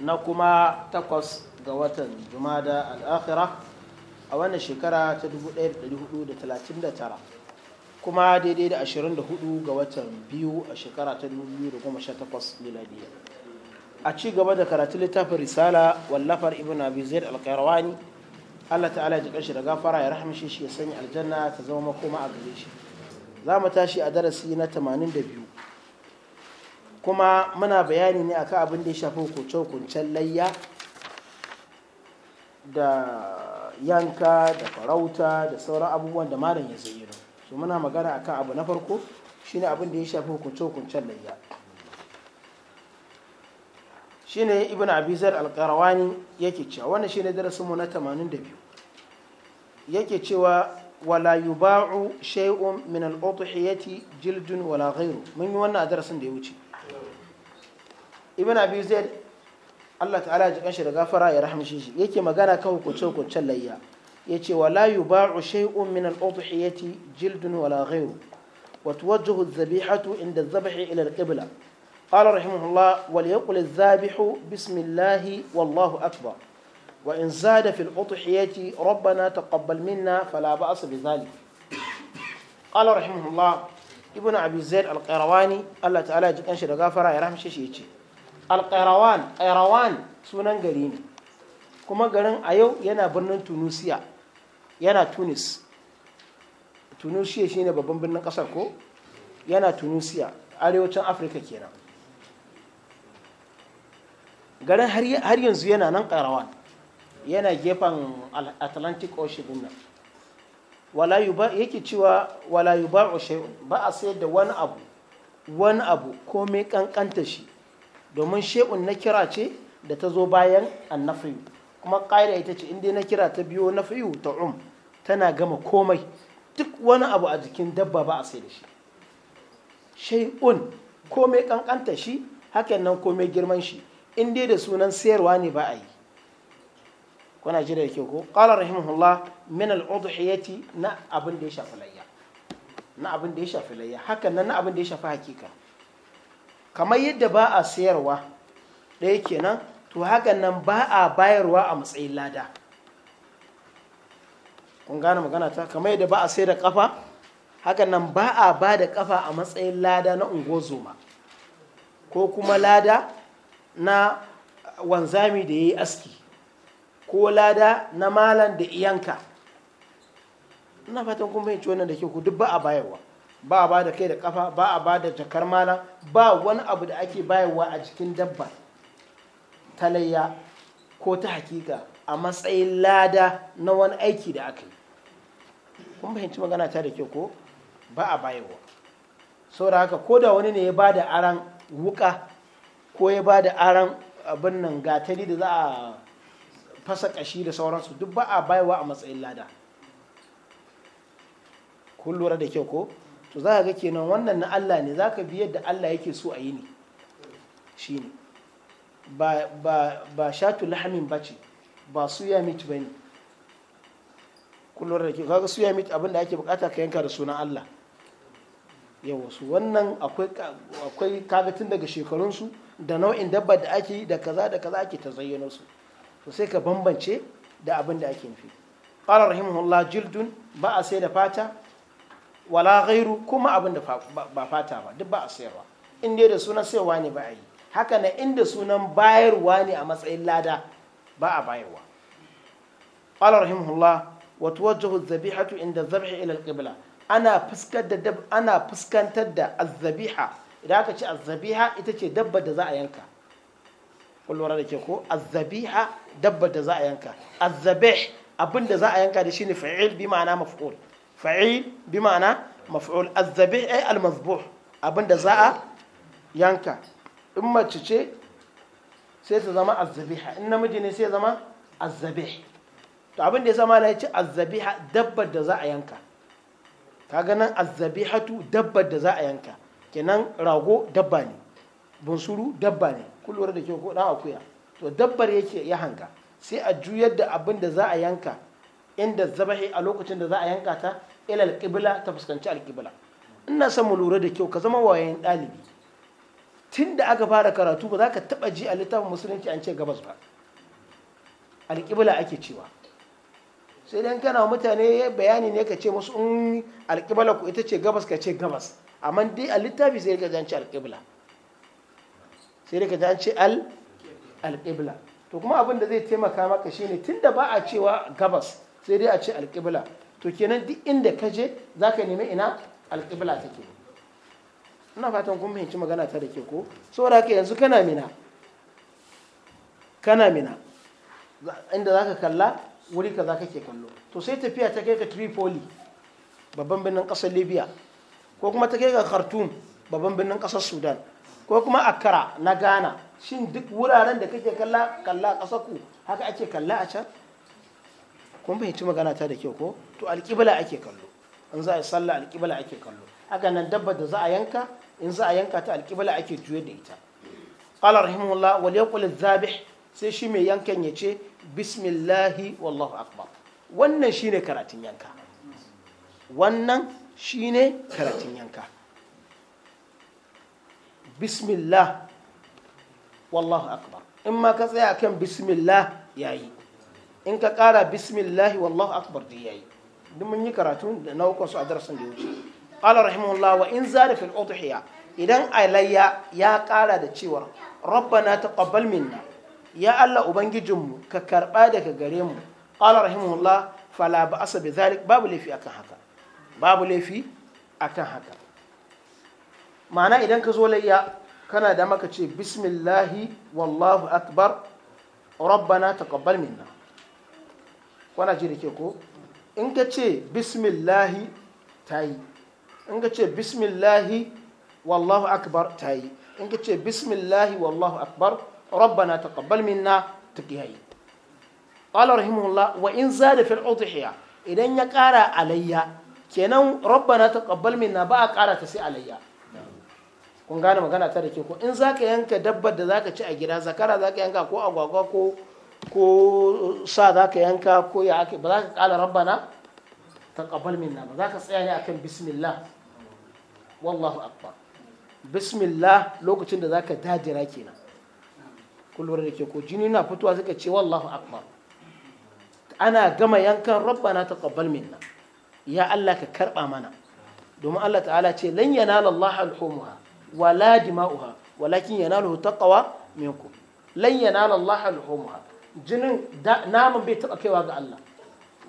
na kuma takwas ga watan jumada al'akhira a wannan shekara ta 1439 kuma daidai da 24 ga watan biyu a shekara ta 2018 miladiya a ci gaba da karatun littafin risala wallafar ibn abi zaid al-qayrawani Allah ta'ala ya shi da gafara ya rahmishi shi ya sanya aljanna ta zama makoma a gare shi za mu tashi a darasi na 82 kuma muna bayani ne akan abin da ya shafi hukunce-hukuncen layya da yanka da farauta da sauran abubuwan da malam ya zayyano so muna magana akan abu na farko shi ne abin da ya shafi hukunce-hukuncen layya Shi ne ibn abizar alkarawani yake cewa wannan ne darasinmu na 82 yake cewa wala yuba'u shay'un min al-udhiyati jildun wala ghayru mun yi wannan a darasin da ya wuce ibn abi zaid Allah ta'ala ji kanshi da gafara ya rahamshi shi yake magana kawai kuce kuce layya yace wa la yubau shay'un min al-udhiyati jildun wala ghayru wa tuwajjahu inda adh-dhabhi ila al-qibla qala rahimahullah wa liyaqul adh-dhabihu bismillah wallahu akbar wa in zada fi al-udhiyati rabbana taqabbal minna fala ba'as bi dhalik qala rahimahullah ibn abi zaid al-qirawani Allah ta'ala ji kanshi da gafara ya rahamshi shi yace alƙairawan ƙairawan sunan gari ne kuma garin a yau yana birnin tunisia yana tunis tunisia shine babban birnin ƙasar ko yana tunisia arewacin afirka kenan garin har yanzu yana nan ƙairawan yana gefen atlantic ocean nan yake cewa wala yuba ba a sayar da wani abu wani abu komai kankanta shi domin she'un na kira ce da ta zo bayan annafiyu kuma ƙa'ida ita ce inda na kira ta biyo na fiyu ta um tana gama komai duk wani abu a jikin dabba ba a sai da shi shay'un komai ƙanƙanta shi hakan nan komai girman shi in dai da sunan sayarwa ne ba a yi kuna ji da yake ko qala rahimahullah min al'adu udhiyati na abin da ya shafi layya na abin da ya shafi layya hakan nan na abin da ya shafi hakika kamar yadda ba a sayarwa ɗaya kenan to hakan nan ba a bayarwa a matsayin lada kun magana ta kamar yadda ba a sai da kafa hakan nan ba a ba da kafa a matsayin lada na ungozoma ko kuma lada na wanzami da ya yi aski ko lada na malan da iyanka ina fatan kuma fahimci wannan da ke ku duk ba a bayarwa ba a ba da kai da kafa ba a ba da jakar mana ba wani abu da ake bayarwa a jikin dabba ta layya ko ta hakika a matsayin lada na wani aiki da aka yi kun fahimci magana ta da ke ko ba a bayarwa saboda haka ko da wani ne ya ba da aran wuka ko ya ba da aran abin nan gatari da za a fasa kashi da sauransu duk ba a bayarwa a matsayin lada kun lura da kyau ko to za ka ga kenan wannan na Allah ne za ka bi yadda Allah yake so a yi ne shi ne ba shatu lahamin ba ce ba suya mit ba ne kullum da ke kaga suya mit abin da ake bukata ka yanka da sunan Allah yawa su wannan akwai kagatin daga shekarunsu da nau'in dabba da ake yi da kaza da kaza ake ta zayyana su to sai ka bambance da abin da ake nufi ƙarar rahimahullah jildun ba a sai da fata wala gairu kuma abin da ba fata ba duk ba a sayarwa in dai da sunan sayarwa ne ba a yi haka na inda sunan bayarwa ne a matsayin lada ba a bayarwa qala rahimahullah wa tuwajjahu adh-dhabihatu inda adh ila al-qibla ana fuskantar da ana fuskantar da adh-dhabiha idan aka ce adh ita ce dabba da za a yanka kun da ke ko adh-dhabiha dabba da za a yanka adh-dhabih abin da za a yanka da shine fa'il bi ma'ana maf'ul fa'il bi ma'ana maf'ul azzabe eh, ai almazbuh abinda za a yanka in mace ce sai ta zama ha in namiji ne sai zama azzabe to abinda ya zama na ya ce ha dabbar da za a yanka ka ganin azzabe azzabihatu dabbar da za a yanka kenan rago dabba ne bunsuru dabba ne kullum da ke ko dan akuya to dabbar yake ya hanka sai a juyar da abin da za a yanka inda zabahi a lokacin da za a yanka ta ilal qibla ta fuskanci alqibla ina son mu lura da kyau ka zama wayan ɗalibi tun da aka fara karatu ba za ka taɓa ji a littafin musulunci an ce gabas ba alkibla ake cewa sai dan kana mutane bayani ne ka ce musu in mm, alƙibla ku ita ce gabas ka ce gabas amma dai a littafi sai ka zance alƙibla sai ka zance al alƙibla to kuma abin da zai taimaka maka shine tun da ba a cewa gabas sai dai a ce alkibla to kenan duk inda ka je za ka nemi ina alƙibla take ina fatan kun fahimci magana ta da ke ko saboda haka yanzu kana mina kana mina inda za ka kalla wuri ka za ka ke kallo to sai tafiya ta kai ka tripoli babban birnin ƙasar libya ko kuma ta kai ka khartoum babban birnin ƙasar sudan ko kuma akara na ghana shin duk wuraren da kake kalla kalla ƙasar ku haka ake kalla a can kun fahimci magana ta da kyau ko to alƙibla ake kallo in za a yi sallah alƙibla ake kallo haka nan dabba da za a yanka in za a yanka ta alƙibla ake juye da ita qala rahimullah wal yaqul adh-dhabih sai shi mai yankan ya ce bismillahi wallahu akbar wannan shine karatun yanka wannan shine karatun yanka bismillah wallahu akbar in ma ka tsaya akan bismillah yayi in ka ƙara bismillahi wallahu akbar da yayi duk mun yi karatu da nau'ukan su a darasin da ya qala rahimahullah wa in zada fil udhiya idan alayya ya ƙara da cewa rabbana taqabbal minna ya Allah ubangijinmu ka karba daga gare mu qala rahimahullah fala ba'asa bi zalik babu laifi akan haka babu laifi akan haka ma'ana idan ka zo layya kana da maka ce bismillahi wallahu akbar rabbana taqabbal minna kwana ji da ke ko in ka ce bismillahi ta yi in ka ce bismillahi wallahu akbar ta yi in ka ce bismillahi wallahu akbar rabbana taqabbal minna taqiyayi qala rahimahullah wa in zada fil udhiya idan ya kara alayya kenan rabbana taqabbal minna ba a kara ta sai alayya kun gane magana ta da ke ko in zaka yanka dabbar da zaka ci a gida zakara zaka yanka ko agwagwa ko ko sa za ka yanka ko ya ake ba za ka kala rabbana taqabbal minna ba za ka tsaya ne akan bismillah wallahu akbar bismillah lokacin da za ka dajira kenan kullum da ke ko jini na fitowa suka ce wallahu akbar ana gama yankan rabbana taqabbal minna ya Allah ka karba mana domin Allah ta'ala ce lan yanala Allah alhumuha wala dima'uha walakin yanaluhu taqwa minkum lan yanala Allah alhumuha jinin naman bai taɓa kaiwa ga Allah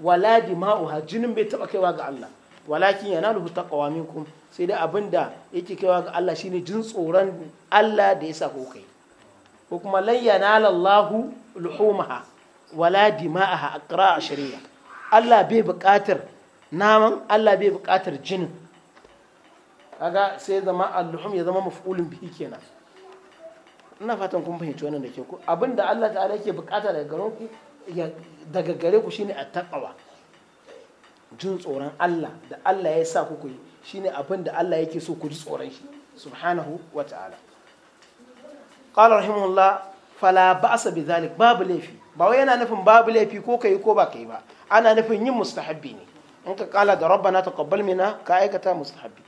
wala dima'uha jinin bai taɓa kaiwa ga Allah walakin yana yanaluhu taqwa minkum sai dai abinda yake kaiwa ga Allah shine jin tsoron Allah da yasa ko kai ko kuma lan yanala Allahu luhumaha wala dima'aha aqra shari'a Allah bai buƙatar naman Allah bai buƙatar jinin kaga sai zama al-luhum ya zama maf'ulun bihi kenan ina fatan kun fahimci wannan da ke ku abin da Allah ta'ala yake bukata daga garin daga gare ku shine a attaqwa jin tsoron Allah da Allah ya sa ku yi shine abin da Allah yake so ku ji tsoron shi subhanahu wa ta'ala qala rahimahullah fala ba'sa bi zalik babu laifi ba wai yana nufin babu laifi ko kai ko ba kai ba ana nufin yin mustahabbi ne in ka kala da rabbana taqabbal mina ka aikata mustahabbi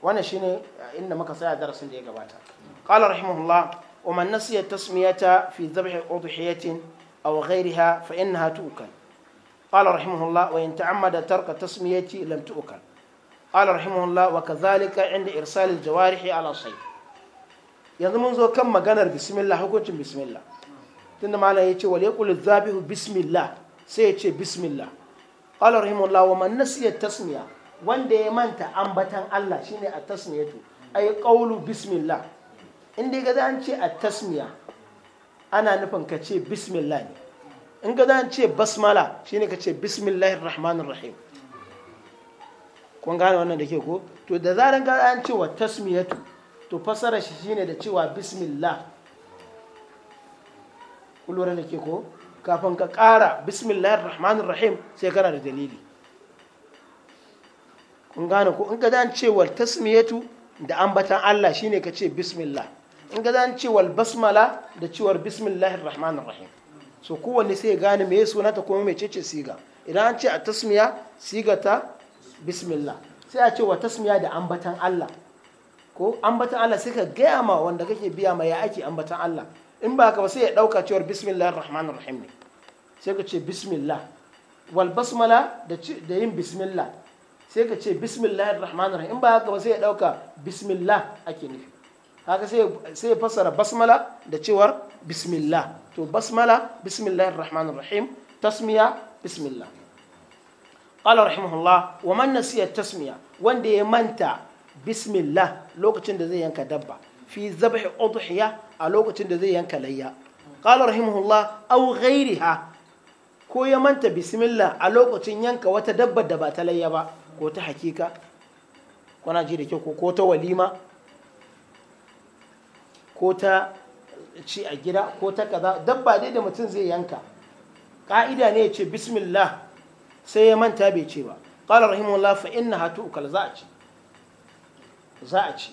wannan shine inda muka tsaya darasin da ya gabata قال رحمه الله ومن نسي التسمية في ذبح أضحية أو غيرها فإنها تؤكل قال رحمه الله وإن تعمد ترك التسمية لم تؤكل قال رحمه الله وكذلك عند إرسال الجوارح على الصيف yanzu mun zo kan maganar bismillah hukuncin bismillah tunda malam ya ce wal yaqul zabihu bismillah sai ya ce bismillah qala rahimahullah wa man nasiya tasmiya wanda ya manta ambatan Allah shine a tasmiyatu ay qawlu bismillah in dai ga an ce a tasmiya ana nufin ka ce bismillah ne in ga an ce basmala shine ka ce bismillahir rahmanir rahim kun gane wannan da ke ko to da zaran ga an ce wa tasmiyatu to fasara shi shine da cewa bismillah kun da ke ko kafin ka ƙara bismillahir rahmanir rahim sai kana da dalili kun gane ko in ka ce wa tasmiyatu da ambatan Allah shine ka ce bismillah in ga zan wal basmala da cewar bismillahir rahmanir rahim so kowanne sai ya gane me suna ta kuma mai ce siga idan an ce a tasmiya siga ta bismillah sai a ce wa tasmiya da ambatan Allah ko ambatan Allah sai ka gaya ma wanda kake biya ma ya ake ambatan Allah in ba ka ba sai ya dauka cewar bismillahir rahmanir rahim ne sai ka ce bismillah wal basmala da yin bismillah sai ka ce bismillahir rahmanir rahim in ba ka ba sai ya dauka bismillah ake nufi haka sai ya fassara basmala da cewar bismillah to basmala bismillahir rahmanir rahim tasmiya bismillah qala rahimahullah wa man nasiya tasmiya wanda ya manta bismillah lokacin da zai yanka dabba fi zabhi udhiya a lokacin da zai yanka layya qala rahimahullah aw ghayriha ko ya manta bismillah a lokacin yanka wata dabba da ba ta layya ba ko ta hakika kuna ji da kyau ko ta walima ko ta ci a gida ko ta kaza dabba dai da mutum zai yanka ƙa'ida ne ya ce bismillah sai ya manta bai ce ba ƙala rahimullah fa inna hatu ukal za a ci za a ci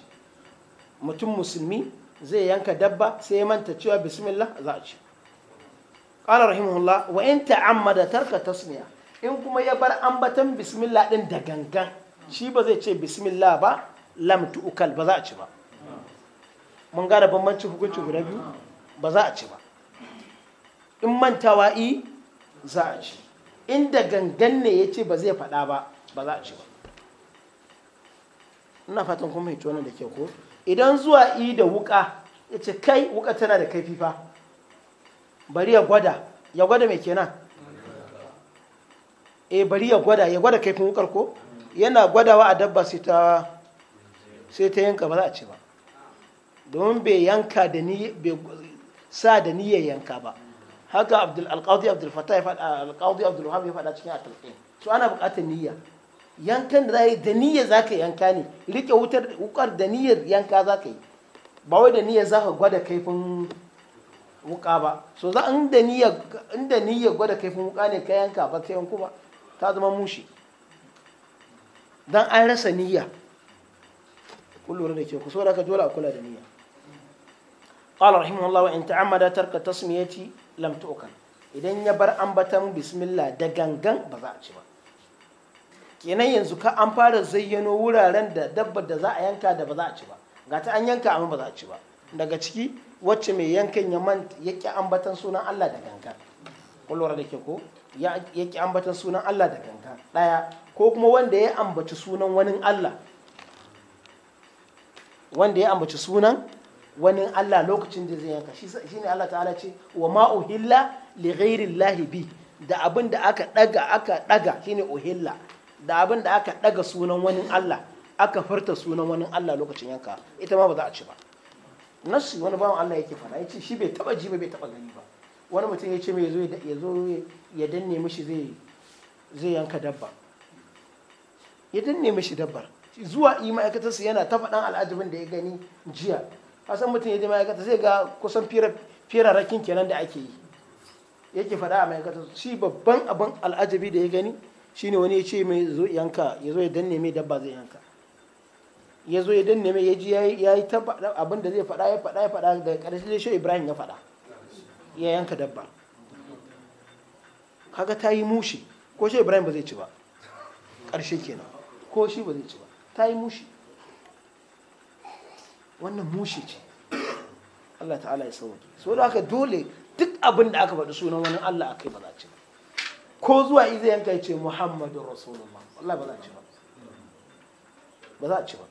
mutum musulmi zai yanka dabba sai ya manta cewa bismillah za a ci ƙala rahimullah wa in da tarka tasniya in kuma ya bar ambatan bismillah din da gangan shi ba zai ce bismillah ba lam ukal ba za a ci ba mun gane bambancin hukunci guda biyu ba za a ci ba in mantawa i za a ci inda gangan ne ya ce ba zai faɗa ba ba za a ci ba ina fatan kuma hito wannan da ke ko idan zuwa i da wuka ya ce kai wuka tana da kaifi fa bari ya gwada ya gwada mai kenan e bari ya gwada ya gwada kaifin wukar ko yana gwadawa a dabba sai ta yanka ba za a ci ba domin bai yanka da ni bai sa da niyyar yanka ba haka abdul alqadi abdul fatah ya faɗa alqadi abdul wahab ya faɗa cikin atalqin so ana buƙatar niyya yankan da zai da niyya zaka yanka ne rike wutar wukar da niyyar yanka zaka yi ba wai da niyya zaka gwada kaifin wuka ba so za in da niyya in da niyya gwada kaifin wuka ne ka yanka ba ta yanku ba ta zama mushi dan an rasa niyya kullum da ke ku so da ka dole a kula da niyya قال رحمه الله in تعمد tarka tasmiyati lam تؤكل idan ya bar ambatan bismillah da gangan ba za a ci ba kenan yanzu ka an fara zayyano wuraren da dabbar da za a yanka da ba za a ci ba ga ta an yanka ba za a ci ba daga ciki wacce mai yankan ya ya ki ambatan sunan Allah da gangan kullura da ke ko ya ambatan sunan Allah da gangan daya ko kuma wanda ya ambaci sunan wani Allah wanda ya ambaci sunan wani Allah lokacin da zai yanka shi ne Allah ta'ala ce wa ma uhilla li ghairillahi bi da abin da aka daga aka daga shine uhilla da abin da aka daga sunan wani Allah aka furta sunan wani Allah lokacin yanka ita ma ba za a ci ba nasu wani bawan Allah yake fara ce shi bai taba ji ba bai taba gani ba wani mutum ya ce mai zo ya zo ya danne mishi zai zai yanka dabba ya danne mishi dabbar zuwa yi ma'aikatarsa yana ta faɗan al'ajibin da ya gani jiya san mutum ya je ma'aikata zai ga kusan firarrakin kenan da ake yi yake faɗa a ma'aikata shi babban abin al'ajabi da ya gani shine wani ya ce mai zo yanka ya zo ya danne mai dabba zai yanka ya zo ya danne mai ya ji ya yi abin da zai faɗa ya faɗa ya faɗa daga ƙarshe zai shi ibrahim ya faɗa ya yanka dabba kaga ta yi mushi ko shi ibrahim ba zai ci ba ƙarshe kenan ko shi ba zai ci ba ta yi mushi wannan mushe ce Allah ta'ala ya sauke so da haka dole duk abin da aka faɗi sunan wani Allah a kai ba za ci ba ko zuwa iza yanka ya ce Muhammadu Rasulullah Allah ba za ci ba ba za ci ba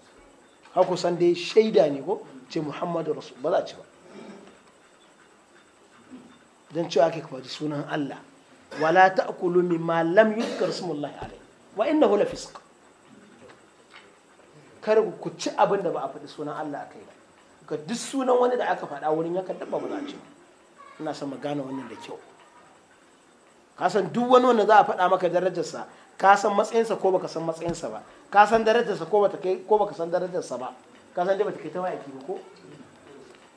haku san dai shaida ne ko ce Muhammadu Rasul ba za ci ba dan cewa ake ka faɗi sunan Allah wala ta'kulu mimma lam yuzkar ismullahi alayhi wa innahu lafisq kar ku ci abin da ba a faɗi sunan Allah akai ba ga duk sunan wani da aka faɗa wurin ya dabba ba za a ci ina son magana wannan da kyau ka san duk wani wanda za a faɗa maka darajarsa ka san matsayinsa ko baka san matsayinsa ba ka san darajarsa ko bata kai ko baka san darajarsa ba ka san dai bata kai ta ma'aiki ba ko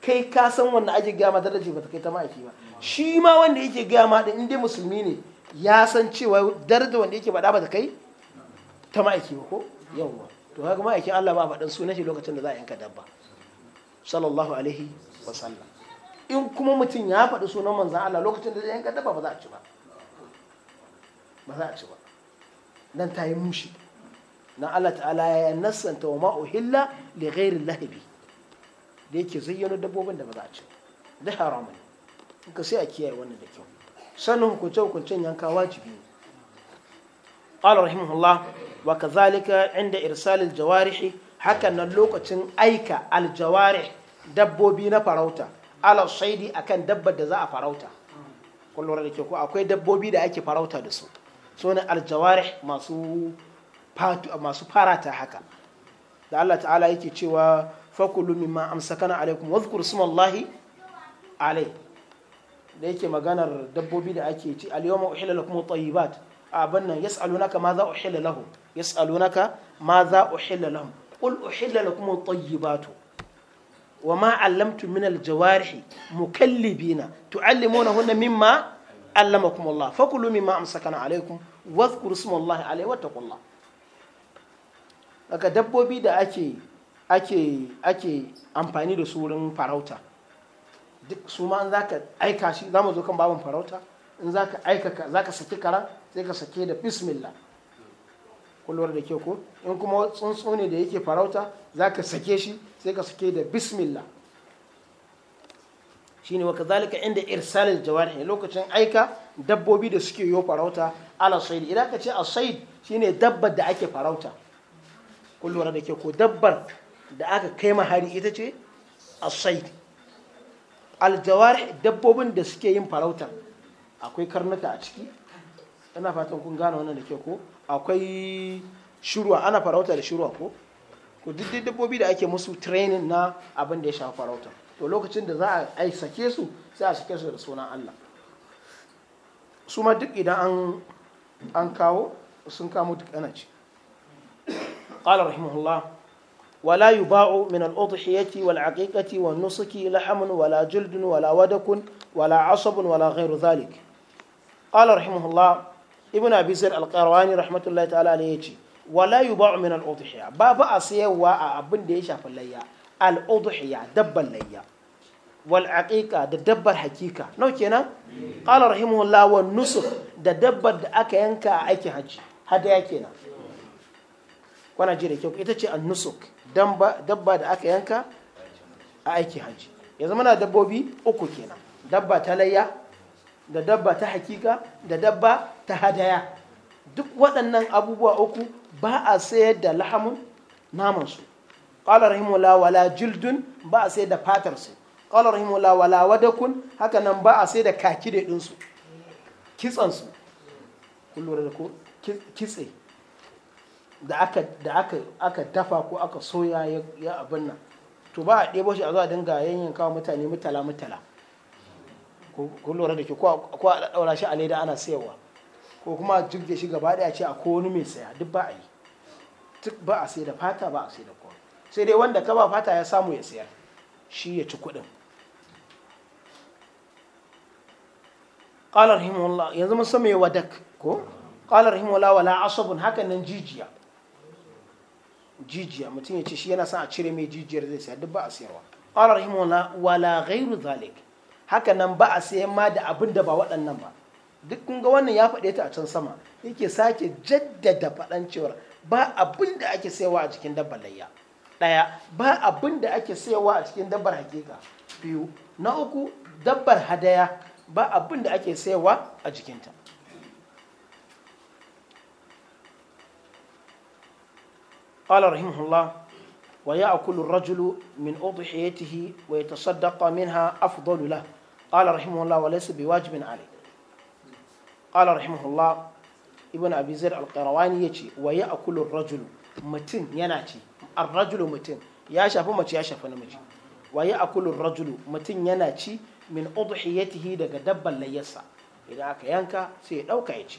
kai ka san wanda ake gaya ma bata kai ta ma'aiki ba shi ma wanda yake gama ma din indai musulmi ne ya san cewa darajar wanda yake faɗa bata kai ta aiki ba ko yawwa to haka ma'aikin Allah ba faɗin sunan shi lokacin da za a yanka dabba sallallahu alaihi wa sallam in kuma mutum ya faɗi sunan manzan Allah lokacin da zai yanka dabba ba za a ci ba ba za a ci ba dan ta yi mushi Na Allah ta'ala ya nassanta wa ma'uhilla li ghairi lahibi da yake zayyano dabbobin da ba za a ci da haramun in ka sai a kiyaye wannan da kyau sanin hukunce-hukuncen yanka wajibi ne قال رحمه الله wa kazalika inda irsalil jawarihi hakan nan lokacin aika aljawarih dabbobi na farauta ala shaidi akan dabbar da za a farauta kun da ke ko akwai dabbobi da ake farauta da su so ne aljawarih masu masu farata haka da Allah ta'ala yake cewa fakulu mimma amsakana alaikum wadhkur smallahi alai da yake maganar dabbobi da ake ci al yawma uhilla lakum tayyibat abin nan yas'alunaka ma za uhilla lahum yas'alunaka ma za uhilla lahum qul uhilla lakum at-tayyibatu wa ma 'allamtum min al-jawarihi mukallibina tu'allimunahunna mimma 'allamakum Allah fakulu mimma amsakana 'alaykum wadhkuru isma Allah 'alayhi wa taqullah daga dabbobi da ake ake ake amfani da su wurin farauta duk su ma an zaka aika shi zamu zo kan babin farauta in zaka aika zaka saki karan sai ka sake da bismillah kullum da ke ko in kuma tsuntsu ne da yake farauta za ka sake shi sai ka sake da bismillah shine waka zalika inda jawar ne lokacin aika dabbobi da suke yi farauta ala sayd idan ka ce shi shine dabbar da ake farauta kullum da ke ko dabbar da aka kai mahari ita ce asaid aljawar dabbobin da suke yin farautar akwai karnuka a ciki ina fatan kun gane wannan da ke ko akwai shirwa ana farauta da shirwa ko ko duk dabbobi da ake musu training na abin da ya shafi farauta to lokacin da za a sake su sai a sake su da sunan Allah su ma duk idan an an kawo sun kamo duk ana ci qala rahimahullah ولا يباع من الأضحية والعقيقة والنسك لحم ولا جلد ولا ودك ولا عصب ولا غير ذلك قال رحمه الله ibn abisar sa'id rahmatullahi ta'ala ne yace wala ba'u min al-udhiya ba ba a sayarwa a abin da ya shafi layya al-udhiya dabban layya wal aqiqa da dabbar hakika nau kenan qala rahimahullah wa nusuk da dabbar da aka yanka a aikin haji hadaya kenan kwana ji da kyau ita ce an nusuk dabba da aka yanka a aikin haji yanzu muna dabbobi uku kenan dabba ta layya da dabba ta hakika da dabba ta hadaya duk waɗannan abubuwa uku ba a sayar da lahamun namansu ƙwalar rahimula wala jildun ba a sayar da fatarsu ƙwalar rahimula wala wadakun hakanan ba a sayar da kaki da ɗinsu kitsansu kullum da ko kitse da aka dafa ko aka soya ya abin nan to ba a ɗebo shi a zuwa dinga yanyan kawo mutane mutala mutala ko lura da ke ko a ɗaura shi a leda ana sayarwa ko kuma a jirge shi gaba ɗaya ce a ko wani mai saya duk ba a yi duk ba a sai da fata ba a sai da kwan sai dai wanda ka ba fata ya samu ya sayar shi ya ci kuɗin ƙalar himullah yanzu mun san me wadak ko ƙalar himola wala asabun hakan nan jijiya jijiya mutum ya ce shi yana son a cire mai jijiyar zai sayar duk ba a sayarwa ƙalar himola wala gairu zalik haka nan ba a sayan ma da abin da ba waɗannan ba duk kun ga wannan ya faɗe ta a can sama yake sake jaddada faɗan cewar ba abin da ake sayawa a cikin dabbar layya ɗaya ba abin da ake sayawa a cikin dabbar hakika biyu na uku dabbar hadaya ba abin da ake sayawa a jikinta قال رحمه الله ويأكل الرجل من أضحيته ويتصدق منها أفضل له قال رحمه الله وليس بواجب عليه قال رحمه الله ابن أبي زر القرواني يجي ويأكل الرجل متن يناتي الرجل متن يا شاف متي يا شاف نمجي ويأكل الرجل متن يناتي من أضحيته دقا دبا ليسا إذا أكا ينكا سي أوكا يجي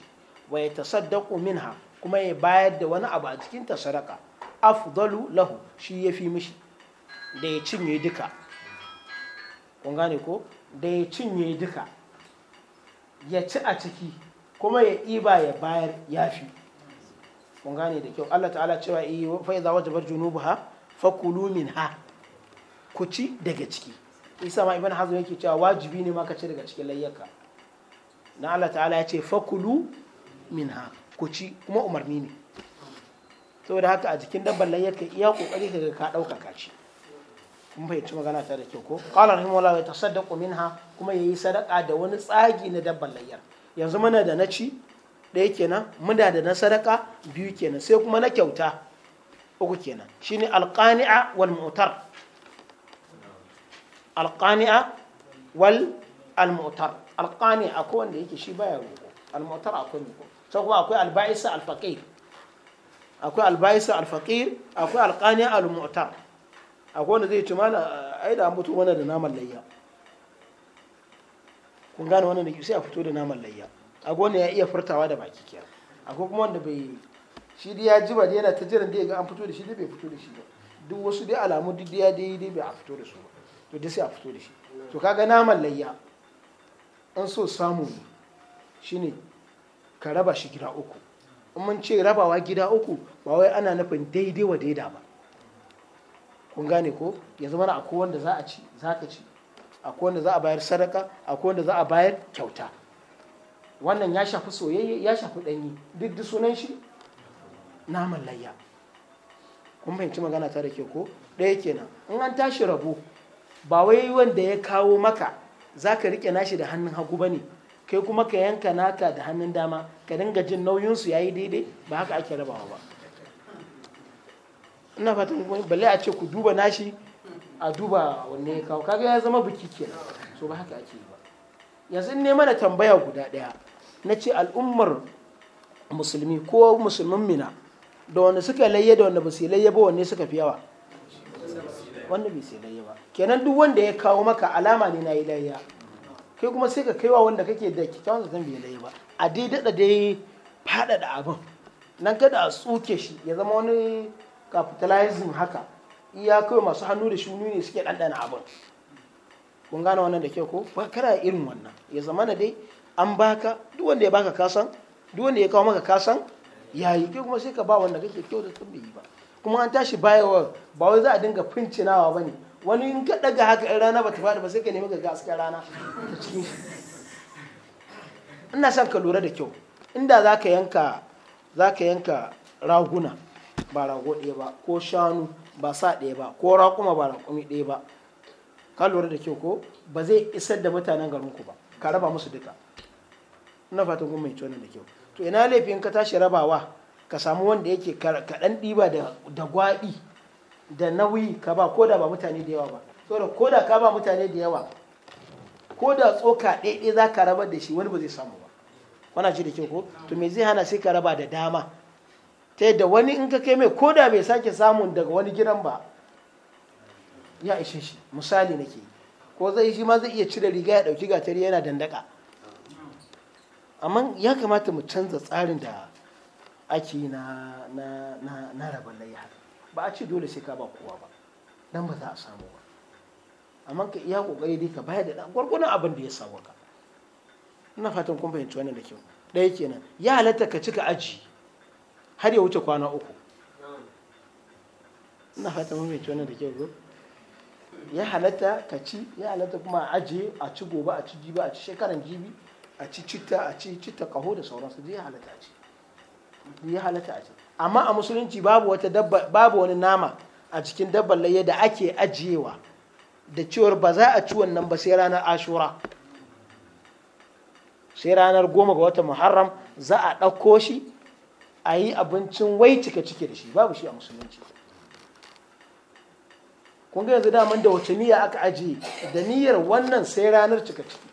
ويتصدق منها كما يبايد وانا أبا أتكين تصدقا afdalu lahu shi ya fi mishi da ya cinye duka kun gane ko da ya cinye duka ya ci a ciki kuma ya ɗiba ya bayar ya fi kun gane da kyau Allah ta'ala cewa iya eh, fa'iza wajabar junubu ha fakulu min ha ku ci daga ciki isa ma ibn hazo yake cewa wajibi ne ma ci daga cikin layyaka na Allah ta'ala ya ce fakulu min ha ku ci kuma umarni ne saboda haka a jikin dabban layyaka iya kokari ka ga ka ɗaukaka ci kun fahimci magana ta da kyau ko qala rahimahullah ta tasaddaqu minha kuma yayi sadaka da wani tsagi na dabban layyar yanzu muna da na ci ɗaya kenan muna da na sadaka biyu kenan sai kuma na kyauta uku kenan shine alqani'a wal mu'tar alqani'a wal almu'tar alqani'a akwai wanda yake shi baya roƙo almu'tar akwai roƙo sai kuma akwai alba'isa alfaqir akwai alba'isa alfaqir akwai alqani'a almu'tar akwai wanda zai ci mana ai da an fito mana da naman layya kun gane wannan da sai a fito da naman layya akwai wanda ya iya furtawa da baki kiyar akwai kuma wanda bai shi dai ya ji ba yana ta jiran dai ga an fito da shi dai bai fito da shi ba duk wasu dai alamu duk ya dai dai bai a fito da su ba to dai sai a fito da shi to kaga naman layya an so samu ne shine ka raba shi gida uku in mun ce rabawa gida uku ba wai ana nufin daidai wa daida ba kun gane ko ya zama na akwai wanda za a ci za ka ci akwai wanda za a bayar sadaka akwai wanda za a bayar kyauta wannan ya shafi soyayye ya shafi ɗanyi duk da sunan shi naman layya kun fahimci magana ta da ke ko ɗaya kenan in an tashi rabo ba wai wanda ya kawo maka za ka riƙe nashi da hannun hagu ba ne kai kuma ka yanka naka da hannun dama ka dinga jin nauyinsu ya yi daidai ba haka ake rabawa ba ina fatan balle a ce ku duba nashi a duba wanne ya kawo kaga ya zama biki kenan so ba haka ake yi ba yanzu ne mana tambaya guda ɗaya na ce al'ummar musulmi ko musulmin mina da wanda suka layye da wanda ba su layye ba wanne suka fi yawa wanda bai sai layye ba kenan duk wanda ya kawo maka alama ne na yi layya kai kuma sai ka kaiwa wanda kake da kyakkyawan zan bai layya ba a dai daɗa dai faɗaɗa abin nan kada a tsuke shi ya zama wani capitalizing haka iya kawai masu hannu da shunu ne suke ɗanɗana abin kun gane wannan da kyau ko ba kana irin wannan ya zama na dai an baka duk wanda ya baka kasan duk wanda ya kawo maka kasan yayi kai kuma sai ka ba wanda kake kyau da tambayi ba kuma an tashi bayarwa ba wai za a dinga fincinawa ba ne wani in ka ɗaga haka in rana ba ta faɗi ba sai ka nemi ga gasken rana ta cikin ina son ka lura da kyau inda za ka yanka raguna ba rago ɗaya ba ko shanu ba sa ɗaya ba ko raƙuma ba raƙumi ɗaya ba ka lura da kyau ko ba zai isar da mutanen garinku ba ka raba musu duka ina fatan kuma mai cewa da kyau to ina laifin ka tashi rabawa ka samu wanda yake kaɗan ɗiba da gwaɗi da nauyi ka ba ko da ba mutane da yawa ba saboda ko da ka ba mutane da yawa ko da tsoka ɗaiɗai za ka raba da shi wani ba zai samu ba kwana ji da kyau ko to me zai hana sai ka raba da dama ta yadda wani in ka kai mai koda bai sake samun daga wani gidan ba ya ishe shi misali nake ko zai shi ma zai iya cire riga ya dauki gatari yana dandaka amma ya kamata mu canza tsarin da ake na na na na rabon ba a ce dole sai ka ba kowa ba nan ba za a samu ba amma ka iya kokari dai ka bayar da gwargwadon abin da ya samu ka ina fatan kun fahimci wannan da kyau ɗaya kenan ya halatta ka cika aji har ya wuce kwana uku ina fata mai cewa wannan da ke go ya halatta ka ci ya halatta kuma a ajiye a ci gobe a ci jibi a ci shekaran jibi a ci citta a ci citta kaho da sauransu duk ya halatta a ci ya halatta a ci amma a musulunci babu wata dabba babu wani nama a cikin dabbar laye da ake ajiyewa da cewar ba za a ci wannan ba sai ranar ashura sai ranar goma ga watan muharram za a ɗauko shi a yi abincin wai cika cike da shi babu shi a musulunci kun ga yanzu daman da wace niyya aka aji da niyyar wannan sai ranar cika ciki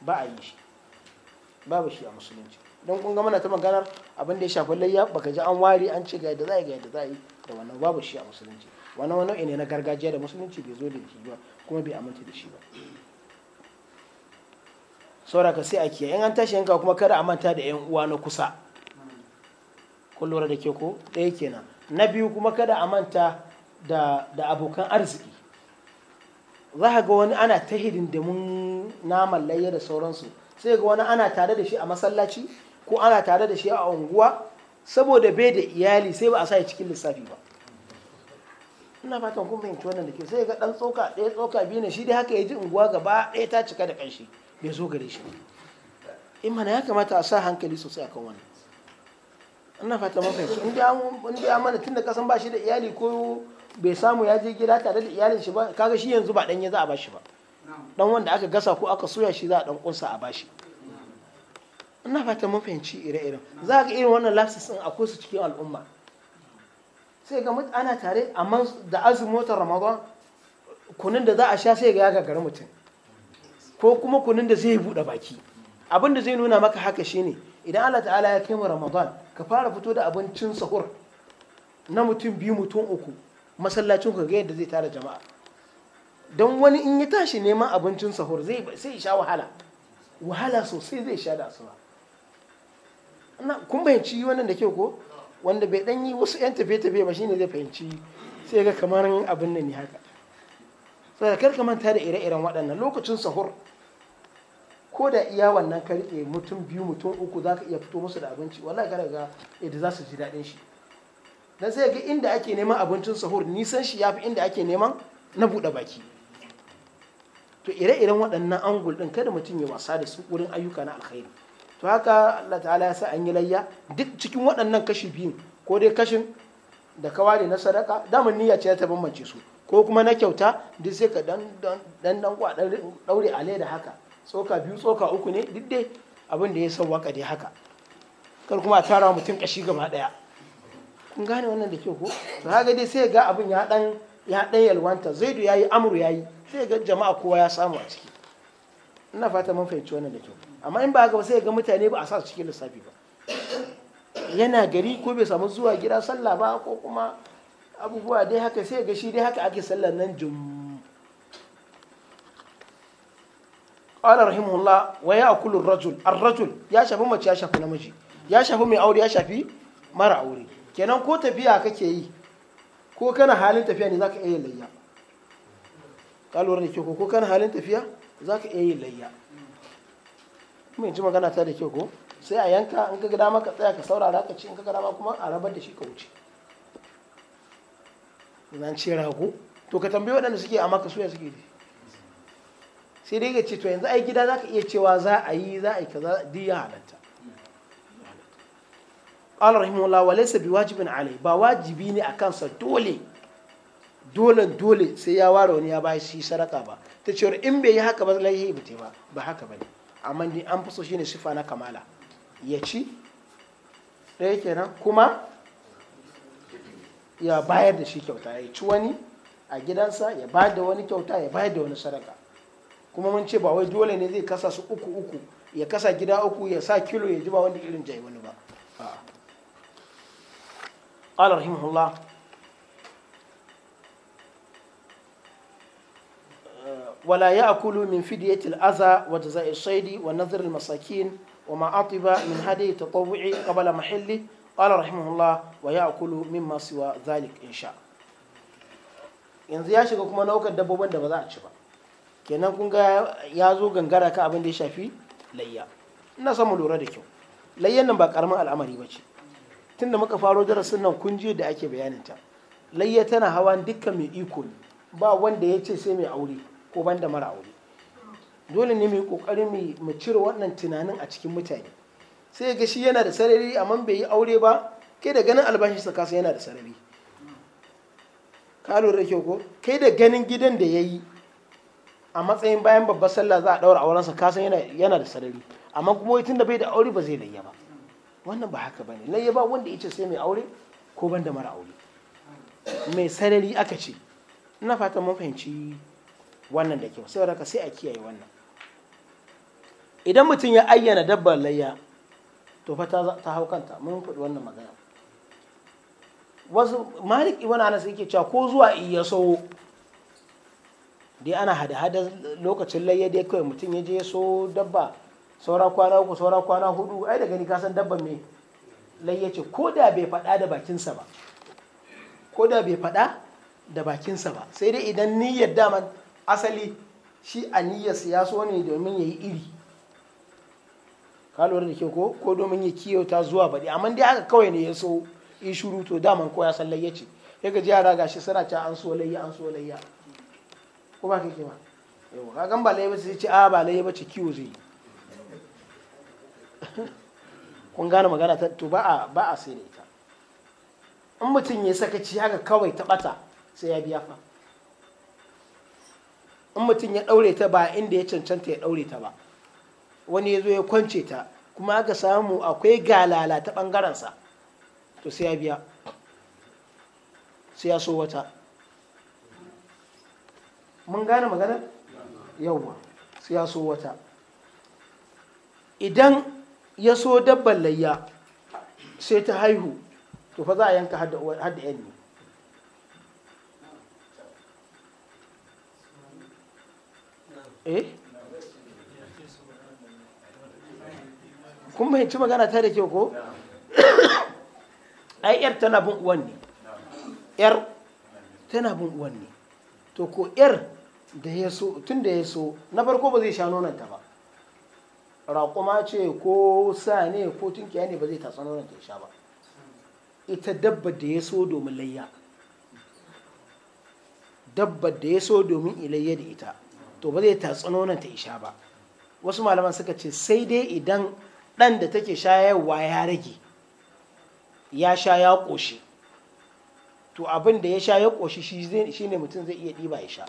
ba a yi shi babu shi a musulunci don kun ga mana ta maganar abin da ya shafi layya baka ji an wari an ce ga yadda za a yi ga yadda za a yi da wannan babu shi a musulunci wannan wani nau'i ne na gargajiya da musulunci bai zo da shi ba kuma bai amince da shi ba saboda ka sai a kiyaye in an tashi yanka kuma kada a manta da yan uwa na kusa kun da ke ko ɗaya kenan na biyu kuma kada a manta da abokan arziki za ka ga wani ana ta hidin mun naman layya da sauransu sai ga wani ana tare da shi a masallaci ko ana tare da shi a unguwa saboda bai da iyali sai ba a sa cikin lissafi ba ina fatan kun fahimci wannan da ke sai ga dan tsoka ɗaya tsoka biyu ne shi dai haka ya ji unguwa gaba ɗaya ta cika da ƙarshe bai zo gare shi in eh mana ya kamata a sa hankali sosai a kan wannan ina fata mun fahimci in biya mana tun da kasan ba shi da iyali ko bai samu ya je gida tare da iyalin shi ba kaga shi yanzu ba danye za a bashi ba dan wanda aka gasa ko aka soya shi za a dan kunsa a bashi ina fata mun fahimci ire-iren za ga irin wannan lapses din akwai su cikin al'umma sai ga ana tare amma da azumi watan ramadan kunun da za a sha sai ga ya mutum ko kuma kunun da zai buɗe baki abin da zai nuna maka haka shine idan Allah ta'ala ya kai mu ramadan ka fara fito da abincin sahur na mutum biyu mutum uku masallacin ka yadda zai tara jama'a don wani in ya tashi neman abincin sahur zai sai sha wahala wahala sosai zai sha da na kun bayanci wannan da kyau ko wanda bai dan yi wasu yan tafiye-tafiye ba shine zai fahimci sai ga kamar abin nan ne haka sai kar ka manta da ire-iren waɗannan lokacin sahur ko da iya wannan ka mutum biyu mutum uku za ka iya fito musu da abinci wallahi ka ga yadda za su ji daɗin shi dan sai ga inda ake neman abincin sahur nisan shi yafi inda ake neman na buɗe baki to ire-iren waɗannan angul ɗin kada mutum ya wasa da su wurin ayyuka na alkhairi to haka Allah ta'ala ya sa an yi layya duk cikin waɗannan kashi biyun ko dai kashin da ka ware na sadaka damar niyya ce ta bambance su ko kuma na kyauta duk sai ka dan dan dan daure a leda haka tsoka biyu tsoka uku ne duk dai abin da ya sauwaka dai haka kar kuma a tara mutum kashi gaba daya kun gane wannan da ke ko to haka dai sai ga abin ya dan ya dan yalwanta zaidu yayi amru yayi sai ga jama'a kowa ya samu a ciki ina fata mun fahimci wannan da kyau amma in ba haka ba sai ga mutane ba a sa su cikin lissafi ba yana gari ko bai samu zuwa gida sallah ba ko kuma abubuwa dai haka sai ga shi dai haka ake sallar nan jum ala rahimahullah wa ya ar-rajul ar-rajul ya shafi mace ya shafi namiji ya shafi mai aure ya shafi mara aure kenan ko tafiya kake yi ko kana halin tafiya ne zaka iya layya ka lura da ke ko kana halin tafiya zaka iya yin layya in ji magana ta da ke ko sai a yanka in ka gada maka tsaya ka saurara ka ci in ka gada maka kuma a rabar da shi ka wuce ina ce rago to ka tambayi waɗanda suke a maka suya suke yi sai dai ya ce to yanzu ai gida za ka iya cewa za a yi za a yi kaza duk ya halatta قال رحمه wa laysa biwajibin alai ba wajibi ne akan sa dole dole dole sai ya ware wani ya ba shi saraka ba ta cewa in bai yi haka ba yi bute ba ba haka bane amma ni an fi so shine sifa na kamala ya ci ɗaya kenan kuma ya bayar da shi kyauta ya ci wani a gidansa ya bayar da wani kyauta ya bayar da wani saraka kuma mun ce ba wai dole ne zai kasa su uku uku ya kasa gida uku ya sa kilo ya ji wanda irin jai wani ba ala rahimahullah wala ya akulu min fidiyati al'aza wa jaza'i shaidi wa nazar masakin wa ma atiba min hadayi tatawwu'i qabala mahalli qala rahimahullah wa ya akulu min ma siwa zalik insha yanzu ya shiga kuma naukar dabbobin da ba za a ci ba kenan kun ga ya zo gangara ka abin da ya shafi layya ina samu mu lura da kyau layyan nan ba karamin al'amari ba ce tunda muka faro darasin nan kun da ake bayanin layya tana hawa dukkan mai iko ne ba wanda ya ce sai mai aure ko banda mara aure dole ne mai kokarin mu cire wannan tunanin a cikin mutane sai ga shi yana da sarari amma bai yi aure ba kai da ganin albashin sa kasa yana da sarari ka lura kyau ko kai da ganin gidan da ya yi a matsayin bayan babbar sallah za a daura aurensa kasan yana da sarari amma kuma wai tunda bai da aure ba zai layya ba wannan ba haka bane layya ba wanda yace sai mai aure ko ban da mara aure mai sarari aka ce ina fatan mun fahimci wannan da kyau sai raka sai a kiyaye wannan idan mutum ya ayyana dabbar layya to fa ta hau kanta mun faɗi wannan magana wasu malik ibn anas yake cewa ko zuwa iya so dai ana hada-hada lokacin laye dai kawai mutum ya je ya so dabba saura kwana uku saura kwana hudu ai da gani kasan dabban me laye ce ko da bai fada da bakinsa ba ko da bai fada da bakinsa ba sai dai idan niyyar dama asali shi a niyyarsa ya so ne domin ya yi iri ka da ke ko ko domin ya kiyauta zuwa baɗi amma dai haka kawai ne ya so in shuru to daman ko ya san layya ce ya gaji yara gashi suna ce an so layya an so layya ko ba kake ba yau ka gan ba laye bace ce a ah, ba laye bace kiwo zai kun gane magana ta to ba a ba a sai da ita in mutum ya sakaci haka kawai ta bata sai ya biya fa in mutum ya daure ta ba inda ya cancanta ya daure ta ba wani ya zo ya kwance ta kuma aka samu akwai galala ta sa to sai ya biya sai ya so wata mun gane maganar yauwa sai ya so wata idan ya so dabbar layya sai ta haihu to fa za a yanka hadda yanni eh kun fahimci magana ta da ke ko ai yar tana bin uwan ne yar tana bin uwan ne to ko yar da ya so tun da ya so na farko ba zai sha nonanta ba raƙuma ce ko sa ne ko tunkiya ne ba zai tatsa nonanta ya sha ba ita dabba da ya so domin layya dabba da ya so domin ilayya da ita to ba zai tatsa nonanta ya sha ba wasu malaman suka ce sai dai idan ɗan da take shayarwa ya rage ya sha ya ƙoshi to abin da ya sha ya ƙoshi shi ne mutum zai iya ɗiba ya sha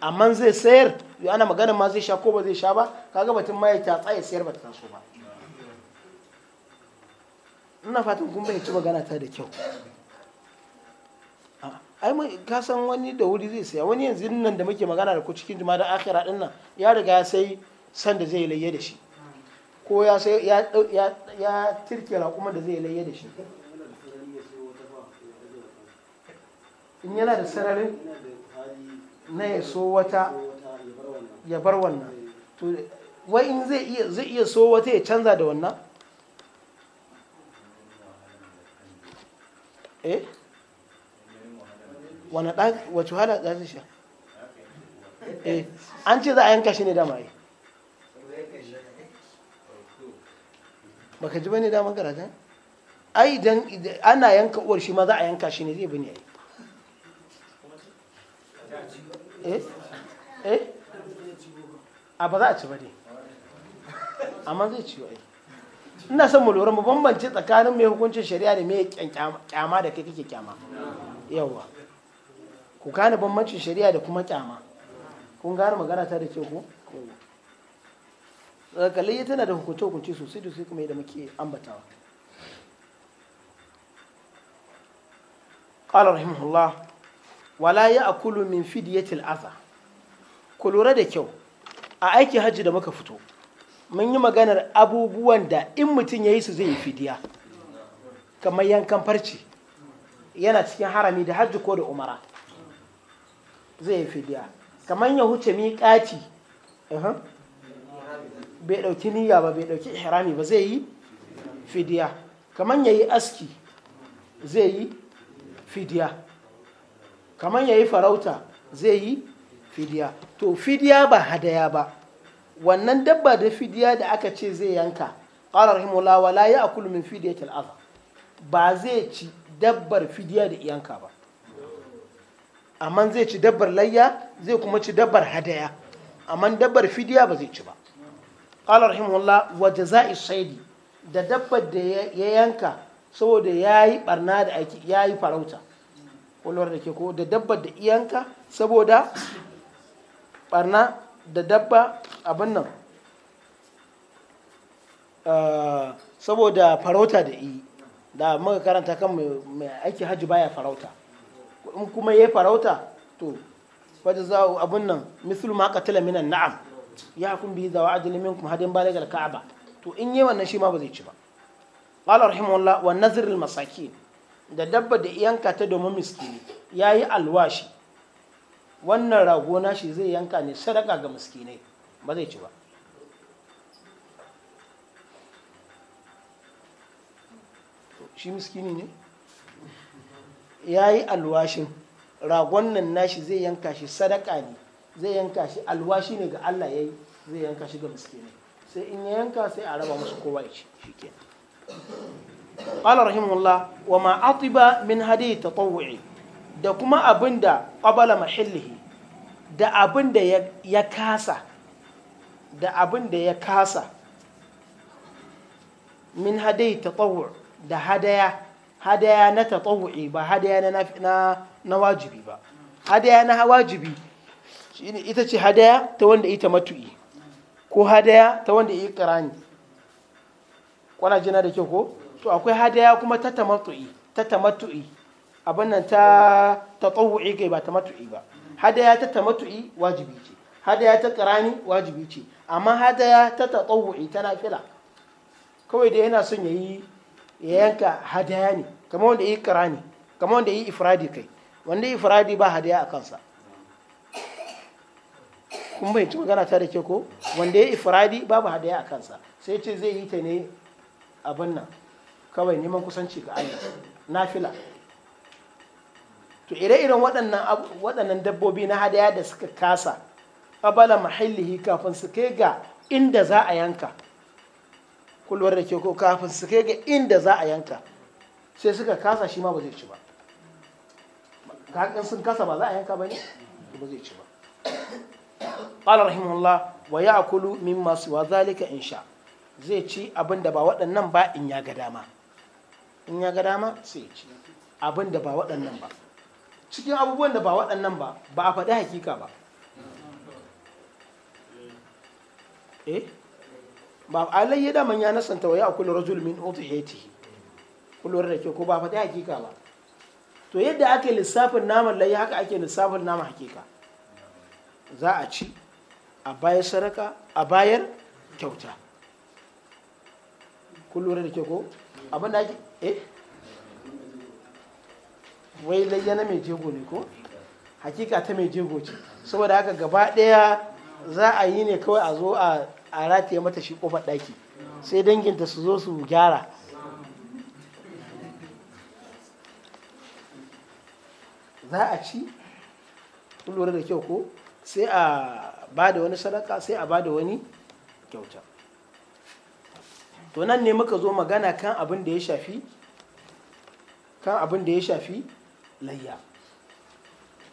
amma zai sayar ana magana ma zai sha ko ba zai sha ba kaga batun ma ya tatsa ya sayar ba ta taso ba ina fatan kun bai ci magana ta da kyau ai mai kasan wani da wuri zai saya wani yanzu nan da muke magana da ku cikin da akira din nan ya riga ya sai san da zai layye da shi ko ya sai ya ya ya da zai layye da shi in yana da sararin na ya so wata ya bar wannan to wai in zai iya zai iya so wata ya canza da wannan eh wani ɗan wacce hada ɗan su sha eh an ce za a yanka shi ne dama yi baka ji bane daman garajen ai idan ana yanka uwar shi ma za a yanka shi ne zai bi ne yi eh eh a ah, ba za a ci ba dai amma zai ciwo ai ina son mu lura mu bambance tsakanin mai hukuncin shari'a da mai kyama da kai kake kyama yawwa ku gane bambancin shari'a da kuma kyama kun gane magana ta da ke ku kalli tana da hukunci-hukunci sosai da sai kuma yadda muke ambatawa قال رحمه الله wala ya kulu min fidiyatil aza ku lura da kyau a aiki hajji da muka fito mun yi maganar abubuwan da in mutum ya yi su zai yi fidiya kamar yankan farci yana cikin harami da hajji ko da umara zai yi fidiya kamar ya huce uh-huh, bai ɗauki niyya ba bai ɗauki ihrami ba zai yi fidiya kamar ya yi aski zai yi fidiya kamar ya yi farauta zai yi fidiya to fidiya ba hadaya ba wannan dabba da fidiya da aka ce zai yanka ƙarar himula wala ya akulu min fidiya tal'aza ba zai ci dabbar fidiya da iyanka ba amma zai ci dabbar layya zai kuma ci dabbar hadaya amma dabbar fidiya ba zai ci ba ƙalar waje wa jaza'i shaidi da dabbar da ya yanka saboda ya yi barna da ya yi farauta kullum da ke ko da dabba da iyanka saboda barna da dabba abin nan eh, saboda farauta da iyi da muka karanta kan mai aiki hajji baya farauta in kuma ya farauta to wajen za abin nan mislu ma katila minan na'am ya kun bi zawa ajali kuma hadin balagal ka'aba to in yi wannan shi ma ba zai ci ba qala rahimahullah wa nazr masakin da dabba da yanka ta domin miskini ya yi alwashi wannan rago na shi zai yanka ne sadaka ga miskinai ba zai ci ba shi miskini ne ya yi alwashin ragon nan nashi zai yanka shi sadaka ne zai yanka shi alwashi ne ga Allah ya yi zai yanka shi ga miskinai sai in ya yanka sai a raba musu kowa ya ci shi kenan qala rahimahullah wa ma atiba min hadi tatawwu'i da kuma abinda ƙwabala mahallihi da abinda ya kasa da abinda ya kasa min hadi tatawwu' da hadaya hadaya na tatawwu'i ba hadaya na na na wajibi ba hadaya na wajibi ita ce hadaya ta wanda ita matu'i ko hadaya ta wanda ita ƙarani kwana jina da kyau ko to akwai hadaya kuma ta tamattu'i ta tamattu'i abin nan ta tatawu'i ga ba tamattu'i ba hadaya ta tamattu'i wajibi ce hadaya ta karani wajibi ce amma hadaya ta tatawu'i ta nafila kawai da yana son yayi ya yanka hadaya ne kamar wanda yi karani kamar wanda yi ifradi kai wanda yi ifradi ba hadaya a kansa kun bai magana ta da ke ko wanda ya ifradi babu hadaya a kansa sai ce zai yi ta ne abin nan kawai neman kusanci ga Allah fila to ire-iren waɗannan dabbobi na hadaya da suka kasa abala mahallihi kafin su kai ga inda za a yanka kulwar da ke ko kafin su kai ga inda za a yanka sai suka kasa shi ma ba zai ci ba kakan sun kasa ba za a yanka ba ne ba zai ci ba ƙalar rahimullah wa ya Kulu min masu wa zalika in sha zai ci abin da ba waɗannan ba in ya ga dama in ya ga dama sai ci abin da ba waɗannan ba cikin abubuwan da ba waɗannan ba ba a faɗi hakika ba eh ba a alayya da man ya nasanta wa ya akulu rajul min udhiyatihi kullu da ke ko ba faɗi hakika ba to yadda ake lissafin naman layi haka ake lissafin naman hakika za a ci a bayar saraka a bayar kyauta kullum da ke ko abin da ake eh wai layya na mai jego ne ko hakika ta mai jego ce saboda haka gaba ɗaya za a yi ne kawai a zo a rataye mata shi kofar ɗaki sai danginta su zo su gyara za a ci lura da kyau ko sai a ba da wani sadaka sai a ba da wani kyauta to nan ne muka zo magana kan abin da ya shafi kan abin da ya shafi layya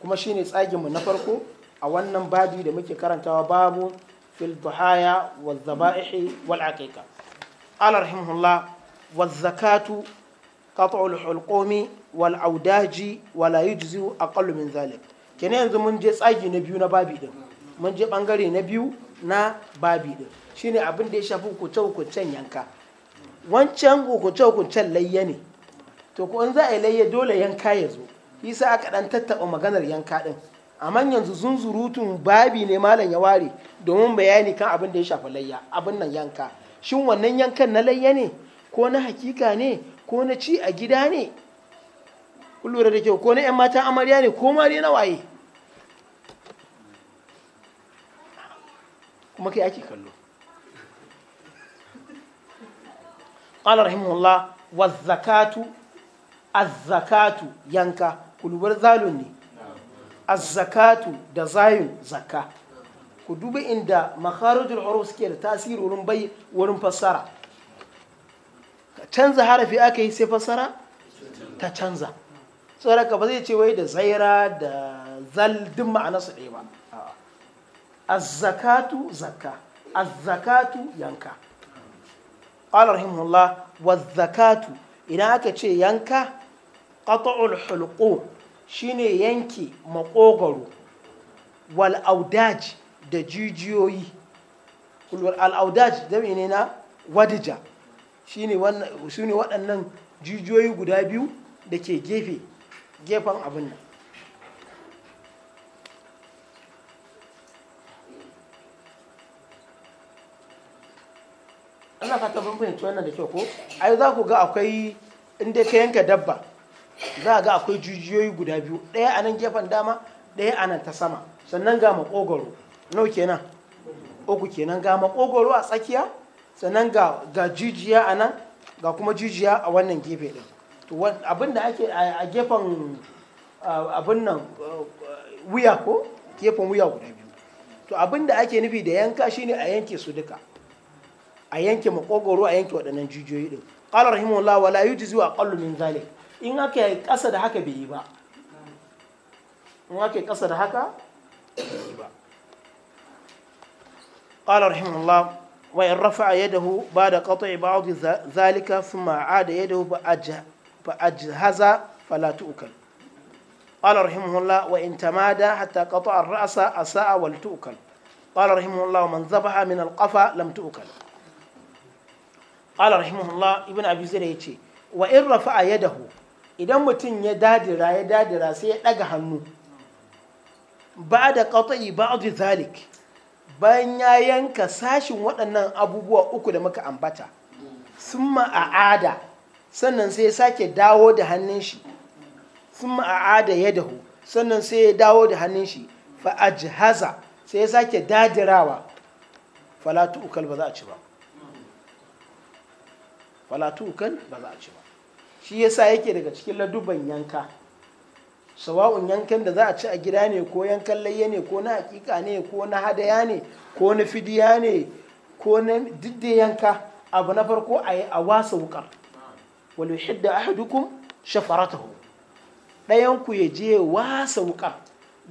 kuma shine tsaginmu na farko a wannan babi da muke karantawa babu fil duhaya wal zaba'ihi wal aqiqa ala rahimahullah wal zakatu qat'ul hulqumi wal audaji wala yujzi aqallu min zalik kenan yanzu mun je tsagi na biyu na babi din mun je bangare na biyu na babi din shine abin da ya shafi hukunce-hukuncen yanka wancan hukunce-hukuncen layya ne to ko in za a yi layya dole yanka ya zo isa aka dan tattaɓa maganar yanka din amma yanzu zunzurutun babi ne malam ya ware domin bayani kan abin da ya shafi layya abin nan yanka shin wannan yankan na layya ne ko na hakika ne ko na ci a gida ne kullura da kyau ko na 'yan mata amarya ne ko ma na waye kuma kai ake kallo qala rahimahullah wa zakatu az yanka kulubar zalun ne az-zakatu da zayun zakka ku duba inda makharujul huruf suke da tasiri wurin bai wurin fassara canza harafi aka yi sai fasara ta canza saraka ba zai ce wai da zaira da zal duk ma'ana su ɗaya ba azzakatu zaka azzakatu yanka qala rahimahullah wa zakatu idan aka ce yanka qat'ul hulqum shine yanke makogaro wal audaj da jijiyoyi kulwar al audaj na wadija shine waɗannan jijiyoyi guda biyu da ke gefe gefen abin nan ana fata ban fahimci wannan da kyau ko ai za ku ga akwai inda ka yanka dabba za ga akwai jijiyoyi guda biyu ɗaya a nan gefen dama ɗaya a nan ta sama sannan ga makogoro nau kenan uku kenan ga makogoro a tsakiya sannan ga jijiya a nan ga kuma jijiya a wannan gefe ɗin abin da ake a gefen abin nan wuya ko gefen wuya guda biyu to abin da ake nufi da yanka shine a yanke su duka a yanke makogoro a yanke waɗannan jijiyoyi din qala rahimahullah wala yujzi aqallu min zalik in aka yi ƙasa da haka bai yi ba in aka yi ƙasa da haka bai yi ba qala rahimahullah wa in rafa'a yadahu ba'da qat'i ba'd zalika thumma 'ada yadahu fa ajhaza fala tu'kal قال رحمه الله وإن تمادى حتى قطع الرأس أساء ولتؤكل قال رحمه الله من ذبح من القفا لم تؤكل qala rahimahullah ibn abi zura yace wa in ya dahu idan mutum ya dadira ya dadira sai ya daga hannu ba da qata'i ba'd zalik bayan ya yanka sashin waɗannan abubuwa uku da muka ambata summa a'ada sannan sai ya sake dawo da hannun shi summa ya dahu sannan sai ya dawo da hannun shi fa jihaza sai ya sake dadirawa falatu ukal ba za a ci ba falatun kan ba za a ci ba shi yasa yake daga cikin laduban yanka sawa'un yankan da za a ci a gida ne ko yankan layya ne ko na hakika ne ko na hadaya ne ko na fidiya ne ko na didde yanka abu na farko a yi a wasa wukar wal yuhidda ahadukum shafaratahu dayan ku ya je wasa wukar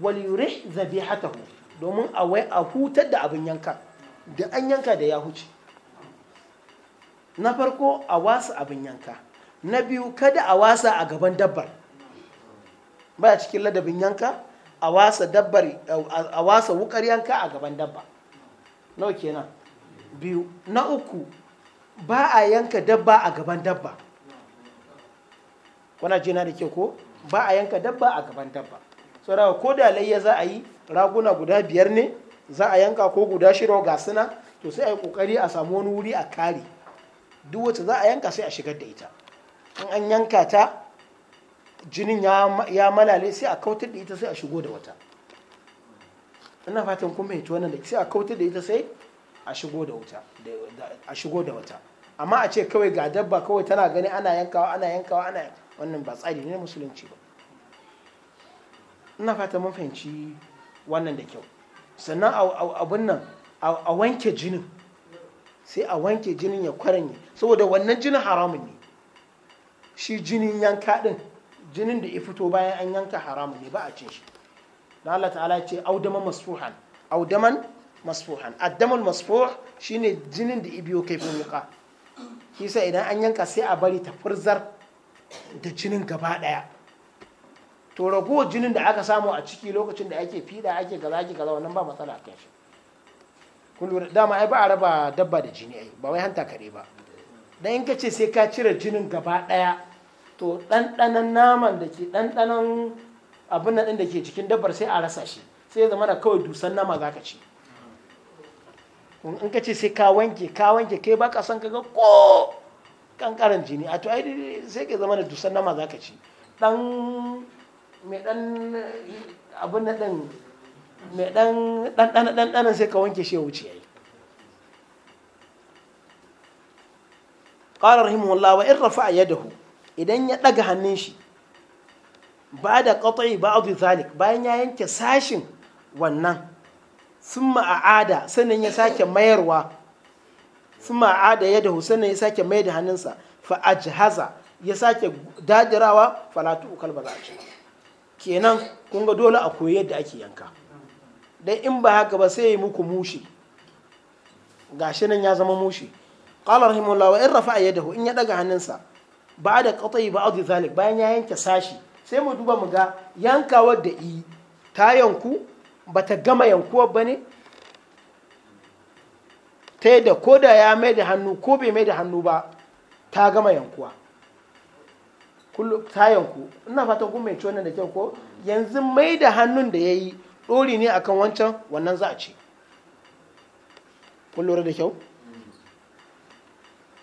wal yurih dhabihatahu domin a wai a hutar da abin yanka da an yanka da ya huce na farko a wasa abin yanka na biyu kada a wasa a gaban dabbar ba cikin ladabin yanka a wasa dabbar a wasa wukar yanka a gaban dabba nawa kenan biyu na uku ba a yanka dabba a gaban dabba kuna jina da ke ko ba a yanka dabba a gaban dabba saboda ko da layya za a yi raguna guda biyar ne za a yanka ko guda shiro ga suna to sai a yi kokari a samu wani wuri a kare duk wata za a yanka sai a shigar da ita in an yanka ta jinin ya malale sai a kautar da ita sai a shigo da wata ina fatan kun fahimci wannan da sai a kautar da ita sai a shigo da wata amma a ce kawai ga dabba kawai tana gani ana yankawa ana yankawa ana wannan ba tsari ne musulunci ba ina fatan mun fahimci wannan da kyau sannan abun nan a wanke jinin sai a wanke jinin ya kwaranye saboda wannan jinin haramun ne shi jinin yanka din jinin da ya fito bayan an yanka haramun ne ba a cin shi da Allah ta'ala ce audaman masfuhan audaman masfuhan addaman masfuh shine jinin da ibiyo fi wuka kisa idan an yanka sai a bari ta furzar da jinin gaba daya to ragowar jinin da aka samu a ciki lokacin da ake fida ake gaza ake gaza wannan ba matsala a kan shi kullum dama ai ba a raba dabba da jini ai ba wai hanta kaɗai ba dan in ka ce sai ka cire jinin gaba daya to ɗanɗanan naman da ke ɗanɗanan abin nan ɗin da ke cikin dabbar sai a rasa shi sai ya zama da kawai dusan nama za ka ci in ka ce sai ka wanke ka wanke kai ba ka san ka ga ko kankaran jini a to ai sai ka zama da dusan nama za ka ci ɗan mai ɗan abin nan ɗin mai dan dan sai ka wanke shi ya wuce yayi qala rahimahullah wa in idan ya ɗaga hannun shi ba da ba a zalik bayan ya yanke sashin wannan sun ma'ada sannan ya sake mayarwa ma'ada a'ada yadahu sannan ya sake mai da hannunsa fa jihaza ya sake dajirawa falatu ukal a kenan kun ga dole a koyi yadda ake yanka dan in ba haka ba sai ya yi muku mushi gashi nan ya zama mushi qala rahimahullah wa in rafa'a yadahu in ya daga hannunsa ba da qata'i ba adi zalik bayan ya yanke sashi sai mu duba mu ga yankawa da i ta yanku ba ta gama ba bane ta yadda ko da ya mai da hannu ko bai mai da hannu ba ta gama yankuwa ta yanku ina fatan kun mai wannan da kyau ko yanzu mai da hannun da ya yi ɗori ne akan wancan wannan za a ce kun da kyau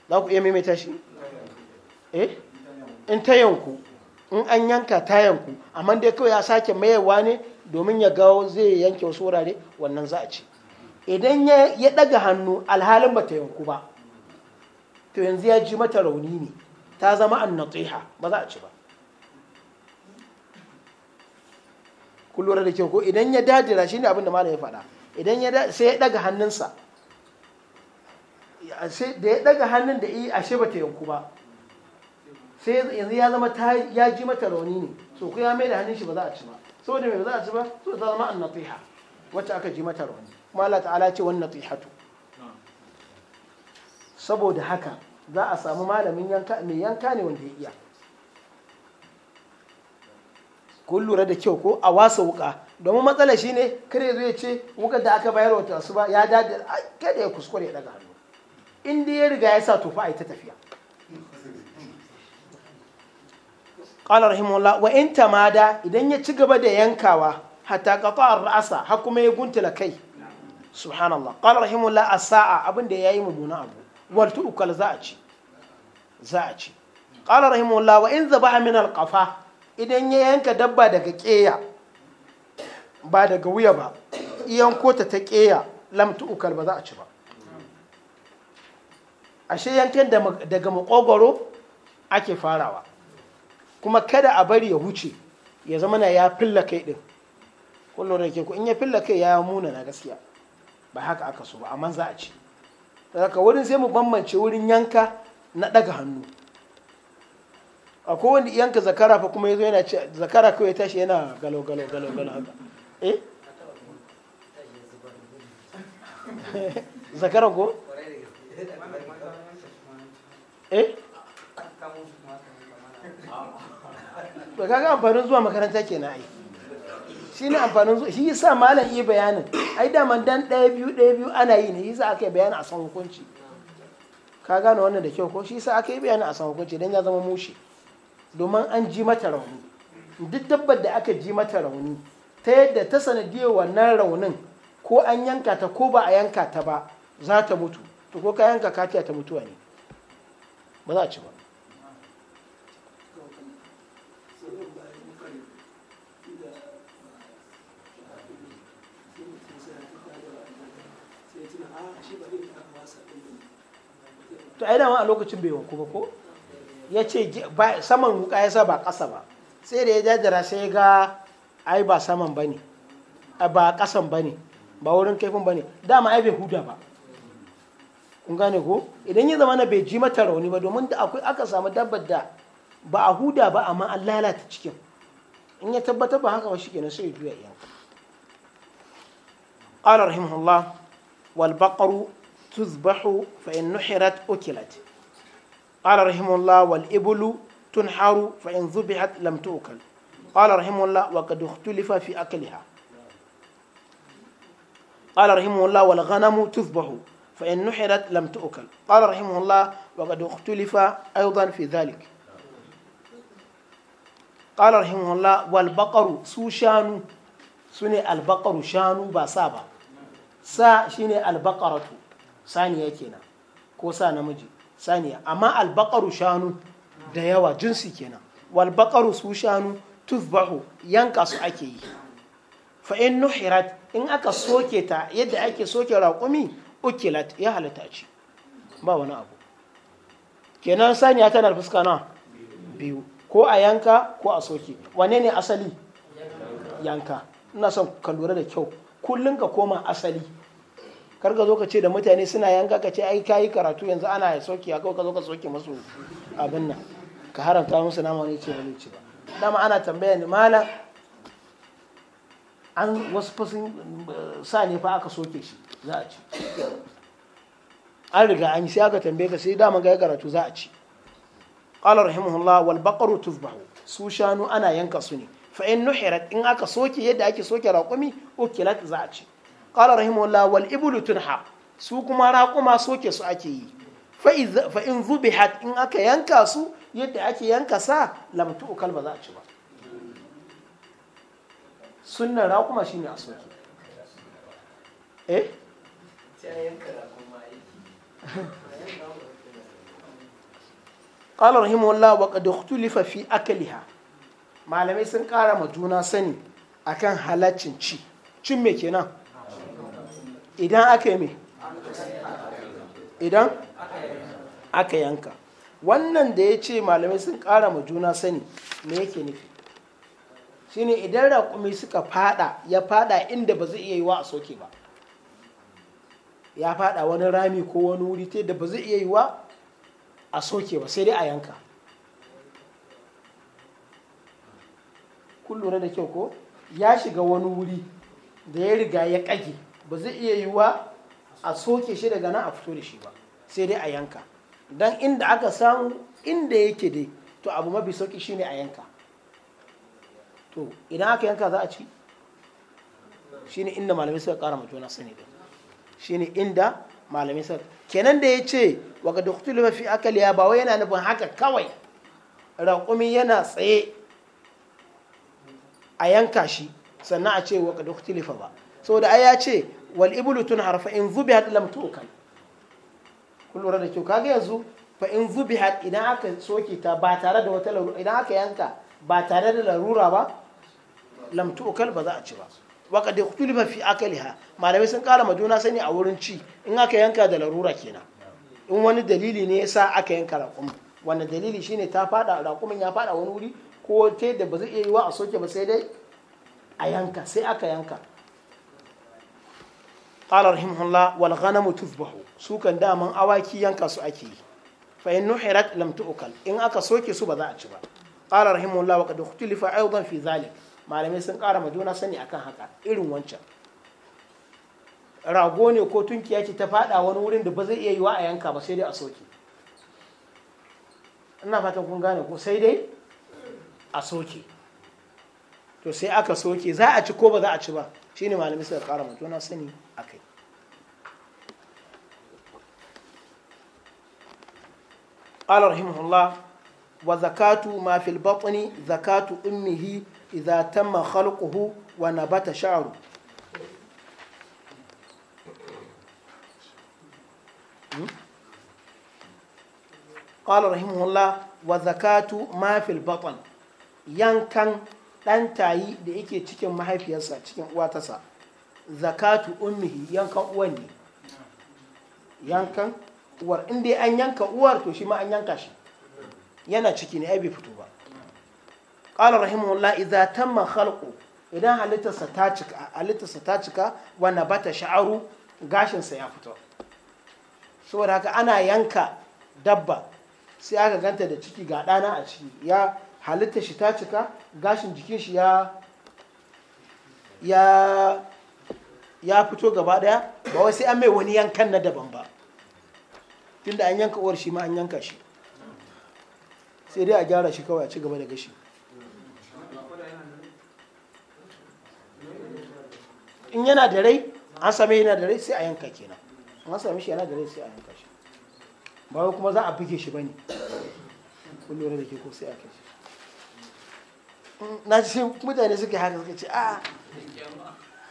za ku iya maimaita shi eh in ta yanku in an yanka ta yanku amma dai kawai ya sake mayewa ne domin ya gawo zai yanke wasu wurare wannan za a ce idan ya daga hannu alhalin ba ta yanku ba to yanzu ya ji mata rauni ne ta zama an natsiha ba za a ci ba kun lura da kyau ko idan ya dadira shine abin da malam ya faɗa idan ya sai ya daga hannunsa da ya daga hannun da iya ashe ba ta yanku ba sai yanzu ya zama ta ya ji mata rauni ne so ku ya mai da hannun shi ba za a ci ba saboda mai ba za a ci ba so ta zama annatiha wacce aka ji mata rauni kuma Allah ta'ala ce wannan tihatu saboda haka za a samu malamin mai yanka ne wanda ya iya kun lura da kyau ko a wasa wuka domin matsala shi ne kare zai ce wukan da aka bayar wata su ba ya dada kada ya kuskure ya daga hannu inda ya riga ya sa tufa a yi ta tafiya qala rahimahullah wa in tamada idan ya ci gaba da yankawa hatta qata ra'asa har kuma ya guntula kai subhanallah qala rahimahullah asaa abin da yayi mumuna abu wal tu'kal za a ci za a ci qala rahimahullah wa in zabaha min al qafa idan ya yanka dabba daga ƙeya ba daga wuya ba iyan kota ta ƙeya lamta ukal ba za a ci ba ashe yankan daga makogoro ake farawa kuma kada a bari ya huce ya zama na ya filla kai din kullum da ke ku in ya filla kai ya muna na gaskiya ba haka aka so ba amma za a ci daga wurin sai mu bambance wurin yanka na daga hannu a kowane yanka zakara fa kuma yazo yana zakara kawai ya tashi yana galo galo galo galo haka eh zakara ko eh to kaga amfanin zuwa makaranta kenan ai shi ne amfanin zuwa shi yasa malam yi bayanin ai daman dan ɗaya biyu ɗaya biyu ana yi ne shi yasa aka yi bayanin a san hukunci ka gane wannan da kyau ko shi yasa aka yi bayanin a san hukunci dan ya zama mushi domin an ji mata rauni duk tabbat da aka ji mata rauni ta yadda ta sanadiyar wannan raunin ko an yanka ta ko ba a yanka ta ba za ta mutu to ko ka yanka katiya ta mutuwa ne ba za a ci ba to ai dama a lokacin bai wanku ba ko ya ce saman wuka ya sa ba ƙasa ba sai da ya jajara sai ya ga ai ba saman ba ne ba ƙasan ba ne ba wurin kaifin ba ne dama ai bai huda ba kun gane ko idan ya zama na bai ji mata rauni ba domin da akwai aka samu dabbar da ba a huda ba amma an lalata cikin in ya tabbatar ba haka ba shi kenan sai ya juya yanka قال رحمه الله والبقر تذبح فإن نحرت قال رحمه الله والإبل تنحر فإن ذبحت لم تؤكل قال رحمه الله وقد اختلف في أكلها قال رحمه الله والغنم تذبح فإن نحرت لم تؤكل قال رحمه الله وقد اختلف أيضا في ذلك قال رحمه الله والبقر سو شانو سني البقر شانو باسابا سا شيني البقرة سانية كينا كوسا نمجي saniya amma albakaru shanu da yawa jinsi kenan walbakaru su shanu tufbahu yanka su ake yi fa in nuhirat in aka soke ta yadda ake soke raƙumi ukilat ya halatta ci ba wani abu kenan saniya tana da na biyu ko a yanka ko a soke wane ne asali yanka ina son ka lura da kyau kullun ka koma asali kar ka zo ka ce da mutane suna yanka ka ce ai kayi karatu yanzu ana ya soki a kawai ka zo ka soki masu abin nan ka haramta musu nama wani ce wani ce dama ana tambaya da mala an wasu fasin eh, sa ne fa aka soke shi za a ci an riga an yi sai aka tambaye ka sai dama ga karatu za a ci قال رحمه الله والبقر تذبح su shanu ana yanka su ne fa in nuhirat in aka soke yadda ake soke raƙumi ukilat za a ci qala rahimahullah wal iblu tunha su kuma raƙuma soke su ake yi fa in zubihat in aka yanka su yadda ake yanka sa lam tu'kal ba za a ci ba sunnan raƙuma shine a soke eh قال رحمه الله وقد اختلف في أكلها malamai sun ƙara ma juna sani akan halaccin ci cin me kenan idan aka yi idan aka yanka wannan da ya ce malamai sun kara ma juna sani me yake nufi shine idan raƙumi suka fada ya fada inda ba zai iya yi wa a soke ba ya fada wani rami ko wani wuri ta da ba zai iya yi wa a soke ba sai dai a yanka kun da kyau ko ya shiga wani wuri da ya riga ya kage. ba zai iya yi wa a soke shi daga nan a fito da shi ba sai dai a yanka don inda aka samu inda yake dai to abu mafi sauki shine a yanka to idan aka yanka za a ci ne inda malamai suka kara ma juna sani da ne inda malamai suka kenan da ya ce da kutu mafi akali ya ba wai yana nufin haka kawai raƙumi yana tsaye a yanka shi sannan a ce waka doktulifa ba sau da ya ce wal iblu tun harfa in zubihat lam tukal kun lura da kyau kaga yanzu fa in zubihat idan aka soke ta ba tare da wata larura idan aka yanka ba tare da larura ba lam tukal ba za a ci ba da qad ikhtulifa fi ha malamai sun kara ma sani a wurin ci in aka yanka da larura kenan in wani dalili ne yasa aka yanka raƙum wanda dalili shine ta fada raƙumin ya fada wani wuri ko ta da ba zai iya yiwa a soke ba sai dai a yanka sai aka yanka qala rahimahullah wal ghanamu tuzbahu su kan daman awaki yanka su ake yi fa in nuhirat lam in aka soke su baza za a ci ba qala rahimahullah wa qad ikhtilifa aidan fi zalik malamai sun kara ma juna sani akan haka irin wancan rago ne ko tunkiya ce ta fada wani wurin da ba zai iya yiwa a yanka ba sai dai a soke ina fatan kun gane ko sai dai a soke to sai aka soke za a ci ko ba za a ci ba shine malamai suka kara ma juna sani قال رحمه الله وزكاة ما في البطن زكاة أمه إذا تم خلقه ونبت شعره قال رحمه الله وزكاة ما في البطن ينكن ɗan tayi da yake cikin mahaifiyarsa cikin uwatasa zakatu ummihi yankan uwan ne yankan uwar inda an yanka uwar to shi ma an yanka shi yana ciki ne ai bai fito ba qala rahimahullah idza tamma khalqu idan halittarsa ta cika halittarsa ta cika wa nabata sha'aru gashinsa ya fito saboda haka ana yanka dabba sai aka ganta da ciki ga ɗana a ciki ya halitta shi ta cika gashin jikin shi ya ya ya fito gaba daya ba wai sai an mai wani yankan na daban ba tunda an yanka uwar shi ma an yanka shi sai dai a gyara shi kawai a ci gaba da gashi in yana da rai an same yana da rai sai a yanka kenan an same shi yana da rai sai a yanka shi ba kuma za a buge shi bane kun lura da ke ko sai a kai shi na ji sai mutane suka haka suka ce a ah,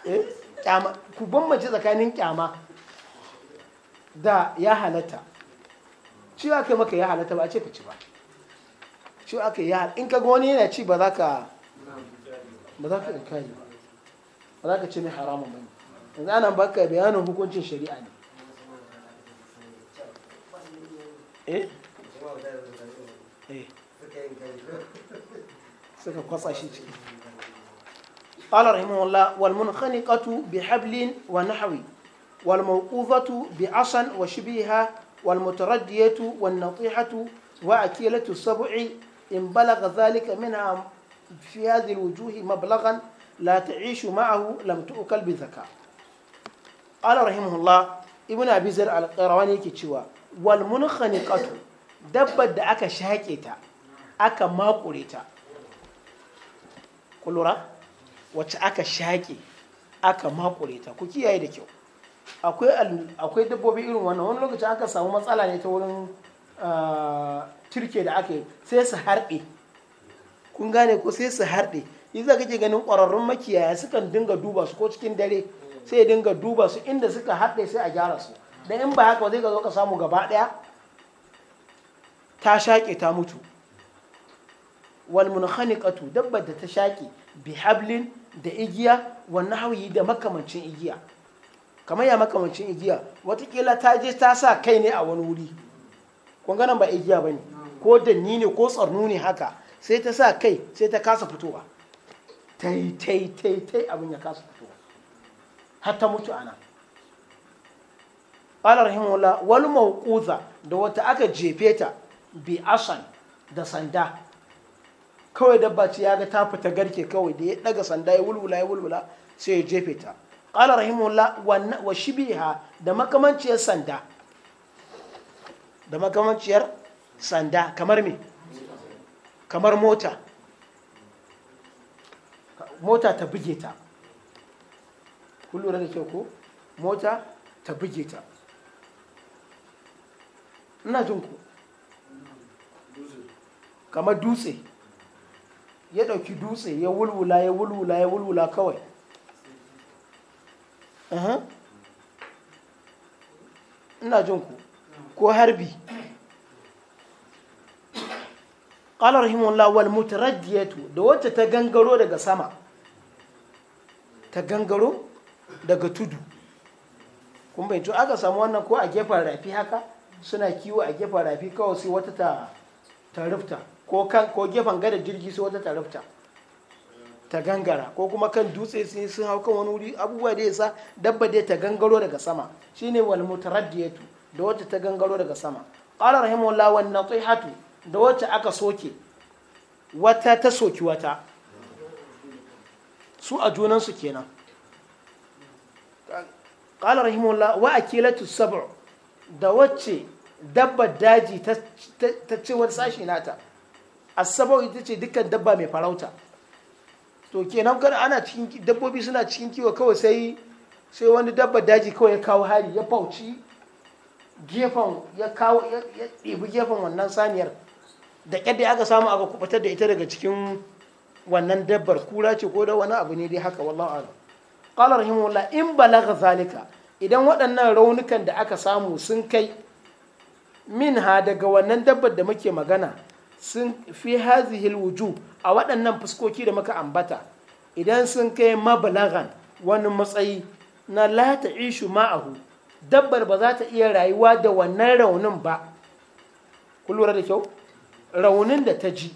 eh, kyama ku bambance tsakanin kyama da ya halatta ci kai maka ya halatta ba a ce ka ci ba ci kai ya in ka wani yana ci ba za ka ba za ka yi ba za ka ce mai haramun ba yanzu ana baka bayanin hukuncin shari'a ne eh eh suka kwatsa shi ciki قال رحمه الله والمنخنقة بحبل ونحوي والموقوفة بعصا وشبيها والمتردية والنطيحة وأكيلة السبع إن بلغ ذلك منها في هذه الوجوه مبلغا لا تعيش معه لم تؤكل بذكاء قال رحمه الله ابن أبي زر القيرواني كتشوى والمنخنقة دبت أكا شاكيتا أكا ماقوليتا Kulura wacce aka shaƙe aka makure ta ku kiyaye da kyau akwai dabbobi irin wannan wani lokacin aka samu matsala ne ta wurin ah, turke da aka yi sai su harɗe kun gane ko sai su harɗe iza kake ganin ƙwararrun makiyaya sukan dinga duba su ko cikin dare sai ya dinga duba su inda suka harɗe sai a gyara su dan in ba haka zai ka zo ka samu gaba ɗaya ta shaƙe ta mutu wal munkhaniqatu dabbar da ta shaƙi bi hablin da igiya wa nahwi da makamancin igiya kamar ya makamancin igiya watakila ta je ta sa kai ne a wani wuri kun ba igiya ba ne ko danni ne ko tsarnu ne haka sai ta sa kai sai ta kasa fitowa tai tai tai abin ya kasa fitowa har ta mutu ana qala rahimahullah wal mawquza da wata aka jefe ta bi asan da sanda kawai dabba ce ya ga ta fita garke kawai da ya daga sanda ya wulwula ya wulwula sai ya jefe ta qala rahimullah wa shibiha da makamanciyar sanda da makamanciyar sanda kamar me kamar mota mota ta buge ta kullum da kyau ko mota ta buge ta ina jin ku kamar dutse ya ɗauki dutse ya wulwula ya wulwula ya wulwula kawai ina jin ku ko harbi قال رحمه mutu da wata ta gangaro daga sama ta gangaro daga tudu kun bai aka samu wannan ko a gefen rafi haka suna kiwo a gefen rafi kawai sai wata ta rufta ko kan ko gefen gada jirgi sai wata tarafta ta gangara ko kuma kan dutse sun hau kan wani wuri abubuwa da yasa dabba da ta gangaro daga sama shine wal mutaraddiyatu da wata ta gangaro daga sama qala rahimahullah wan natihatu da wata aka soke wata ta soki wata su a junan su kenan qala rahimahullah wa akilatu sab'u da wacce dabba daji ta ce wani sashi nata asabau ita ce dukkan dabba mai farauta to kenan kan ana cikin dabbobi suna cikin kiwo kawai sai wani dabba daji kawai ya kawo hari ya fauci gefen ya kawo ya ɗebi gefen wannan saniyar da ƙyadda aka samu aka kubatar da ita daga cikin wannan dabbar kura ce ko da wani abu ne dai haka wallahu a'lam qala rahimahullah in balagha zalika idan waɗannan raunukan da aka samu sun kai min ha daga wannan dabbar da muke magana sun fi hazihil wuju a waɗannan fuskoki da muka ambata idan sun kai mabalagan wani matsayi na la ishu ma'ahu dabbar ba za ta iya rayuwa da wannan raunin ba ku da kyau raunin da ta ji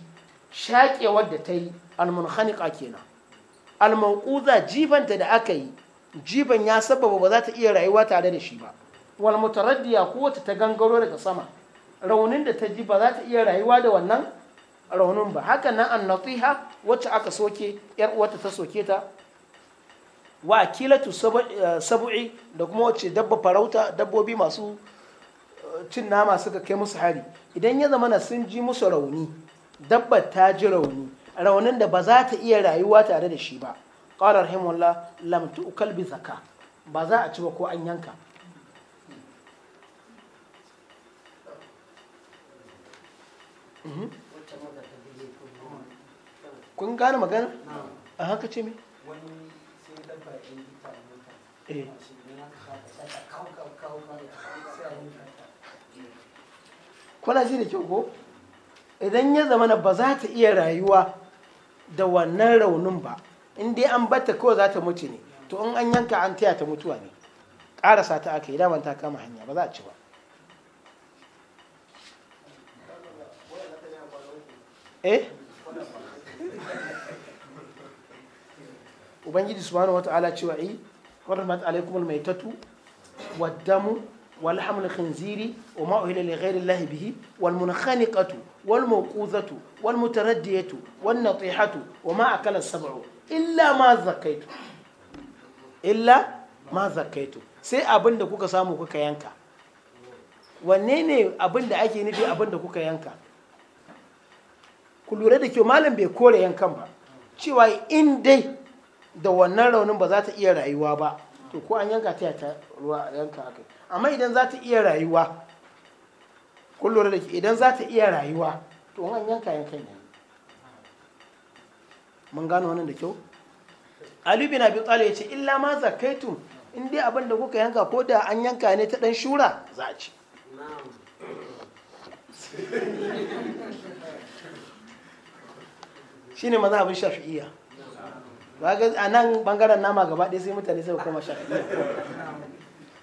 shaƙewar da ta yi almunhanika kenan za jifanta da aka yi jiban ya sababa ba za ta iya rayuwa tare da shi ba wal mutaraddiya ko ta gangaro daga sama raunin da ta ji ba za ta iya rayuwa da wannan raunin ba haka nan an natiha wacce aka soke yar uwarta ta soke ta wa akilatu eh, sabu'i da kuma wacce dabba farauta dabbobi masu eh, cin nama suka kai musu hari idan ya zama na sun ji musu rauni dabba ta ji rauni raunin da ba za ta iya rayuwa tare da shi ba qala rahimullah lam tu'kal bi zaka ba za a ci ba ko an yanka kun gane magana a haka ce me eh. kuna ji da kyau ko idan ya zama ba za ta iya rayuwa da wannan raunin ba inda an bata kawai za ta mutu ne to an yanka an taya ta mutuwa ne ƙarasa ta aka yi daman ta kama hanya ba za a ci ba eh ubangiji subhanahu wata'ala cewa yi eh, hurmat alaikum almaitatu waddamu wal hamlu khinziri wa ma uhila li ghayri allah bihi wal munkhaniqatu wal mawquzatu wal mutaraddiyatu wan natihatu wa ma akala sab'u illa ma zakaitu illa ma zakaitu sai abinda kuka samu kuka yanka wanne ne abinda ake nufi abinda kuka yanka ku lura da kyau malam bai kore yankan ba cewa in dai da wannan raunin ba za ta iya rayuwa ba to ko an yanka ta ta ruwa yanka akai amma idan za ta iya rayuwa ku lura da idan za ta iya rayuwa to an yanka yankan ne mun gano wannan da kyau Ali bin Abi Talib yace illa ma zakaitum in dai abin da kuka yanka ko da an yanka ne ta dan shura za a ci shine mazhabin shafi'iyya ba a nan bangaren nama gaba ɗaya sai mutane sai kuma shafi'iyya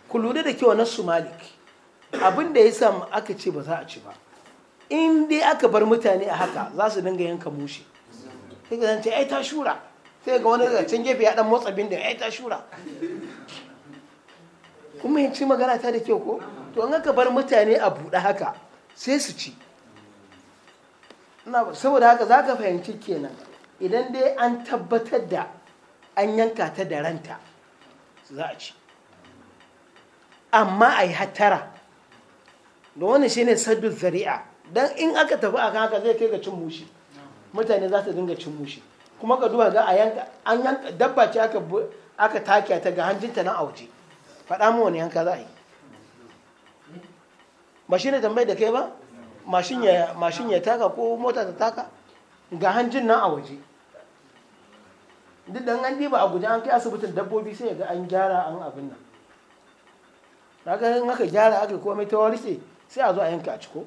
ku lura da kyau na su malik abin da ya samu aka ce ba za a ci ba in dai aka bar mutane a haka za su dinga yanka mushi. sai ka zance ai ta shura sai ga wani daga can gefe ya dan motsa bindin ai ta shura kuma yin ci magana ta da kyau ko to in aka bar mutane a buɗe haka sai su ci saboda haka za ka fahimci kenan idan dai an tabbatar da an yanka ta da ranta za a ci amma a yi hattara da wani shi ne saddu zari'a don in aka tafi a haka zai kai ga cin mushi mutane za su dinga cin mushi kuma ka duba ga a yanka an yanka dabba ce aka aka ta ga hanjinta na a faɗa mu wani yanka za a yi ba shi ne tambayar da kai ba mashin ya taka ko mota ta taka ga hanjin nan a waje duk da an diba a guje an kai asibitin dabbobi sai ga an gyara an abin nan daga in haka gyara aka komai ta ce sai a zo a yanka a ciko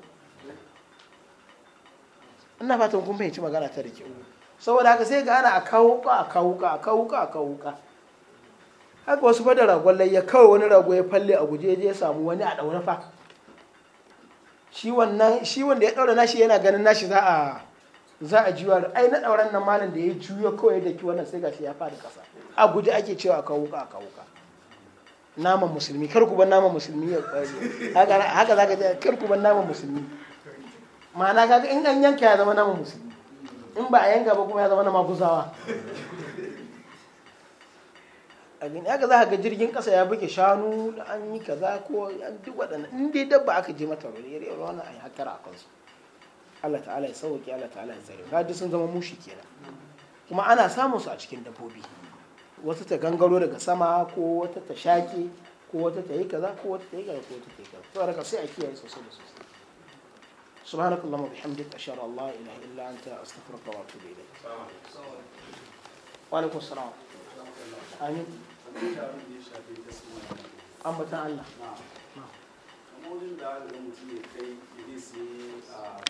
ina fatan kun fahimci magana ta rike saboda haka sai ga ana a kawo ka a kawo ka a kawo ka a kawo ka haka wasu fada ragon ya kawai wani rago ya falle a guje ya samu wani a daure fa shi wannan shi wanda ya daura nashi yana ganin nashi za a za a juya ai na dauran nan malam da ya juyo kawai da ki wannan sai gashi ya fara kasa a guji ake cewa a kawuka ka a kawuka naman musulmi kar ku ban naman musulmi ya kwaje haka haka zaka ce kar ku ban naman musulmi ma'ana kaga in an yanka ya zama naman musulmi in ba a yanka ba kuma ya zama na maguzawa a gani haka za ga jirgin ƙasa ya buge shanu da an yi kaza ko an duk waɗannan in dai dabba aka je mata wani yare yare wannan a yi hakara a kansu Allah ta'ala ya sauke Allah ta'ala ya tsare ga sun zama mushi kenan kuma ana samun su a cikin dabbobi wata ta gangaro daga sama ko wata ta shaki ko wata ta yi kaza ko wata ta yi kaza ko wata ta yi kaza to daga sai a kiyaye sosai da sosai subhanakallahumma bihamdika ashhadu an la ilaha illa anta astaghfiruka wa atubu ilayk wa alaikum assalam آمين ambatan Allah